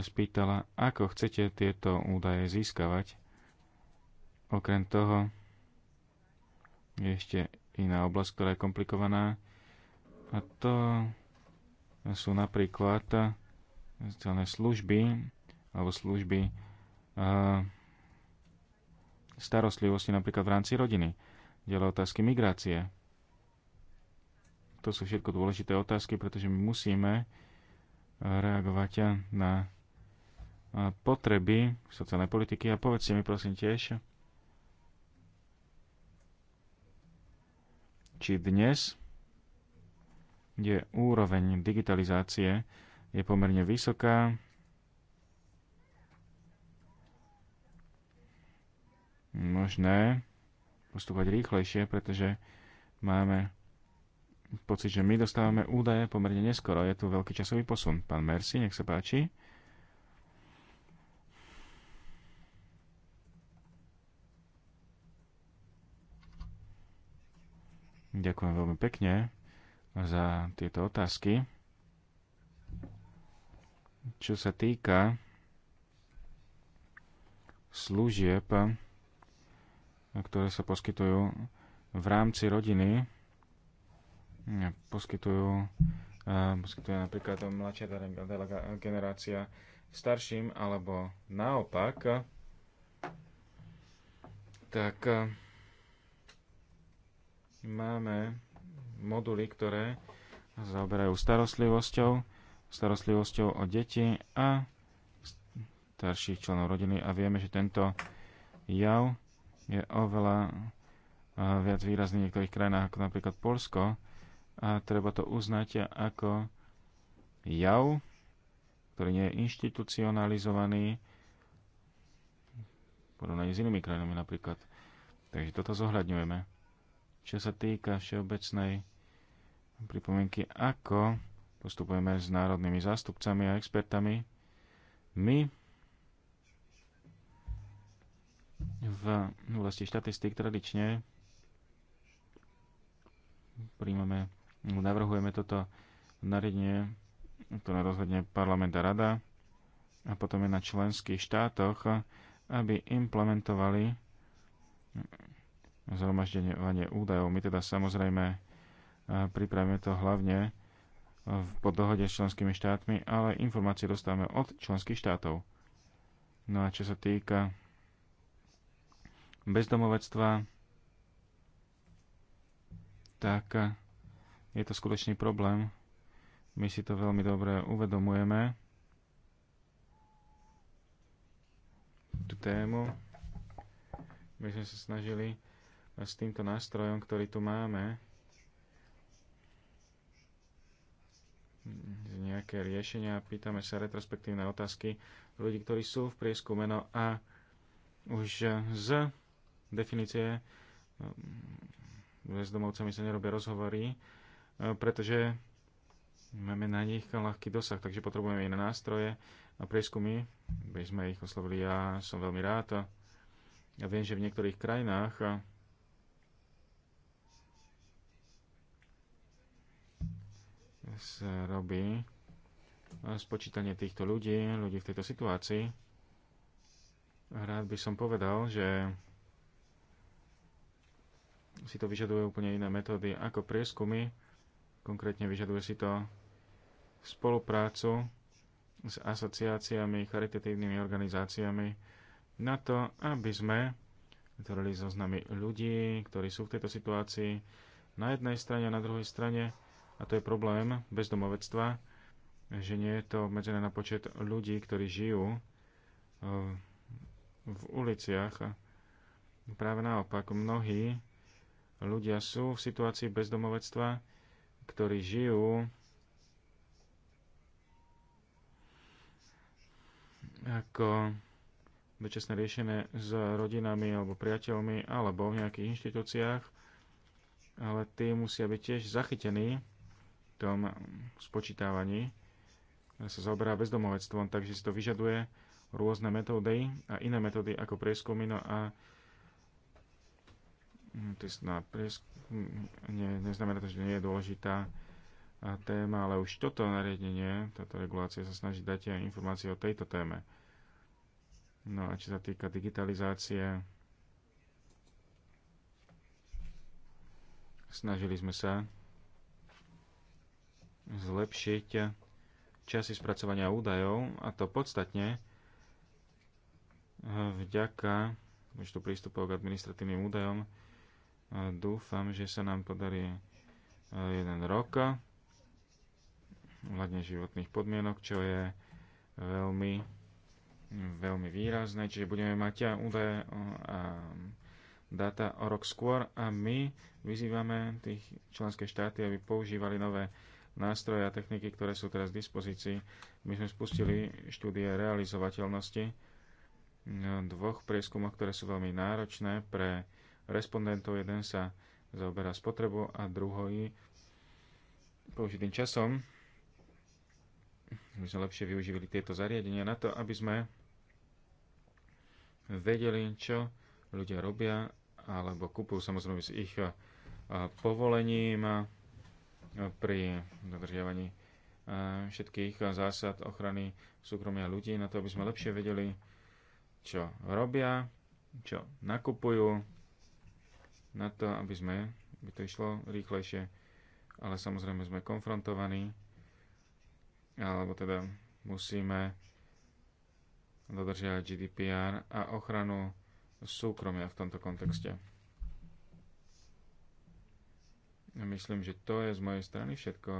spýtala, ako chcete tieto údaje získavať. Okrem toho je ešte iná oblasť, ktorá je komplikovaná. A to sú napríklad celé služby alebo služby starostlivosti napríklad v rámci rodiny. Ďalej otázky migrácie. To sú všetko dôležité otázky, pretože my musíme reagovať na potreby sociálnej politiky a povedzte mi prosím tiež, či dnes, kde úroveň digitalizácie je pomerne vysoká, možné postúpať rýchlejšie, pretože máme pocit, že my dostávame údaje pomerne neskoro. Je tu veľký časový posun. Pán Mersi, nech sa páči. Ďakujem veľmi pekne za tieto otázky. Čo sa týka služieb, ktoré sa poskytujú v rámci rodiny, poskytujú, eh, poskytujú napríklad mladšia generácia starším, alebo naopak, tak eh, Máme moduly, ktoré zaoberajú starostlivosťou, starostlivosťou o deti a starších členov rodiny a vieme, že tento jav je oveľa viac výrazný v niektorých krajinách ako napríklad Polsko a treba to uznať ako jav, ktorý nie je inštitucionalizovaný v porovnaní s inými krajinami napríklad. Takže toto zohľadňujeme čo sa týka všeobecnej pripomienky, ako postupujeme s národnými zástupcami a expertami, my v oblasti štatistik tradične príjmame, navrhujeme toto nariadenie, ktoré rozhodne parlament a rada a potom je na členských štátoch, aby implementovali zhromažďovanie údajov. My teda samozrejme e, pripravíme to hlavne po dohode s členskými štátmi, ale informácie dostávame od členských štátov. No a čo sa týka bezdomovectva, tak e, je to skutočný problém. My si to veľmi dobre uvedomujeme. Tú tému. My sme sa snažili s týmto nástrojom, ktorý tu máme, nejaké riešenia, pýtame sa retrospektívne otázky ľudí, ktorí sú v prieskume, no a už z definície no, s domovcami sa nerobia rozhovory, e, pretože máme na nich ľahký dosah, takže potrebujeme iné nástroje a prieskumy, by sme ich oslovili, ja som veľmi rád a ja viem, že v niektorých krajinách sa robí e, spočítanie týchto ľudí, ľudí v tejto situácii. Rád by som povedal, že si to vyžaduje úplne iné metódy ako prieskumy. Konkrétne vyžaduje si to spoluprácu s asociáciami, charitatívnymi organizáciami na to, aby sme vytvorili zoznamy ľudí, ktorí sú v tejto situácii na jednej strane a na druhej strane a to je problém bezdomovectva, že nie je to obmedzené na počet ľudí, ktorí žijú e, v uliciach. Práve naopak, mnohí ľudia sú v situácii bezdomovectva, ktorí žijú ako dočasne riešené s rodinami alebo priateľmi alebo v nejakých inštitúciách, ale tí musia byť tiež zachytení tom spočítavaní sa zaoberá bezdomovectvom, takže si to vyžaduje rôzne metódy a iné metódy ako prieskumy. No a mm, na prieskum, mm, nie, neznamená to, že nie je dôležitá téma, ale už toto nariadenie, táto regulácia sa snaží dať aj informácie o tejto téme. No a čo sa týka digitalizácie, snažili sme sa zlepšiť časy spracovania údajov a to podstatne vďaka už tu prístupov k administratívnym údajom. Dúfam, že sa nám podarí e, jeden rok hľadne životných podmienok, čo je veľmi, veľmi výrazné, čiže budeme mať e, údaje e, a dáta o rok skôr a my vyzývame tých členské štáty, aby používali nové nástroje a techniky, ktoré sú teraz v dispozícii. My sme spustili štúdie realizovateľnosti no, dvoch prieskumov, ktoré sú veľmi náročné pre respondentov. Jeden sa zaoberá spotrebu a druhý použitým časom. My sme lepšie využili tieto zariadenia na to, aby sme vedeli, čo ľudia robia alebo kúpujú samozrejme s ich povolením pri dodržiavaní e, všetkých zásad ochrany súkromia ľudí, na to, aby sme lepšie vedeli, čo robia, čo nakupujú, na to, aby sme, aby to išlo rýchlejšie, ale samozrejme sme konfrontovaní, alebo teda musíme dodržiavať GDPR a ochranu súkromia v tomto kontexte. Myslím, že to je z mojej strany všetko.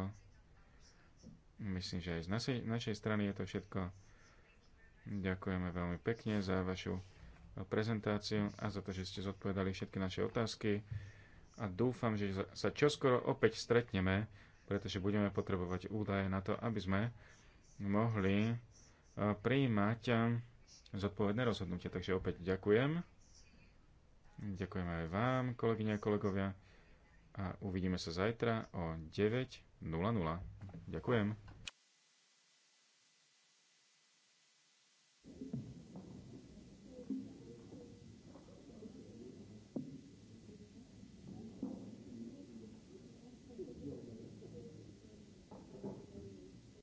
Myslím, že aj z našej, našej strany je to všetko. Ďakujeme veľmi pekne za vašu prezentáciu a za to, že ste zodpovedali všetky naše otázky. A dúfam, že sa čoskoro opäť stretneme, pretože budeme potrebovať údaje na to, aby sme mohli e, prijímať e, zodpovedné rozhodnutie. Takže opäť ďakujem. Ďakujem aj vám, kolegyne a kolegovia a uvidíme sa zajtra o 9.00. Ďakujem.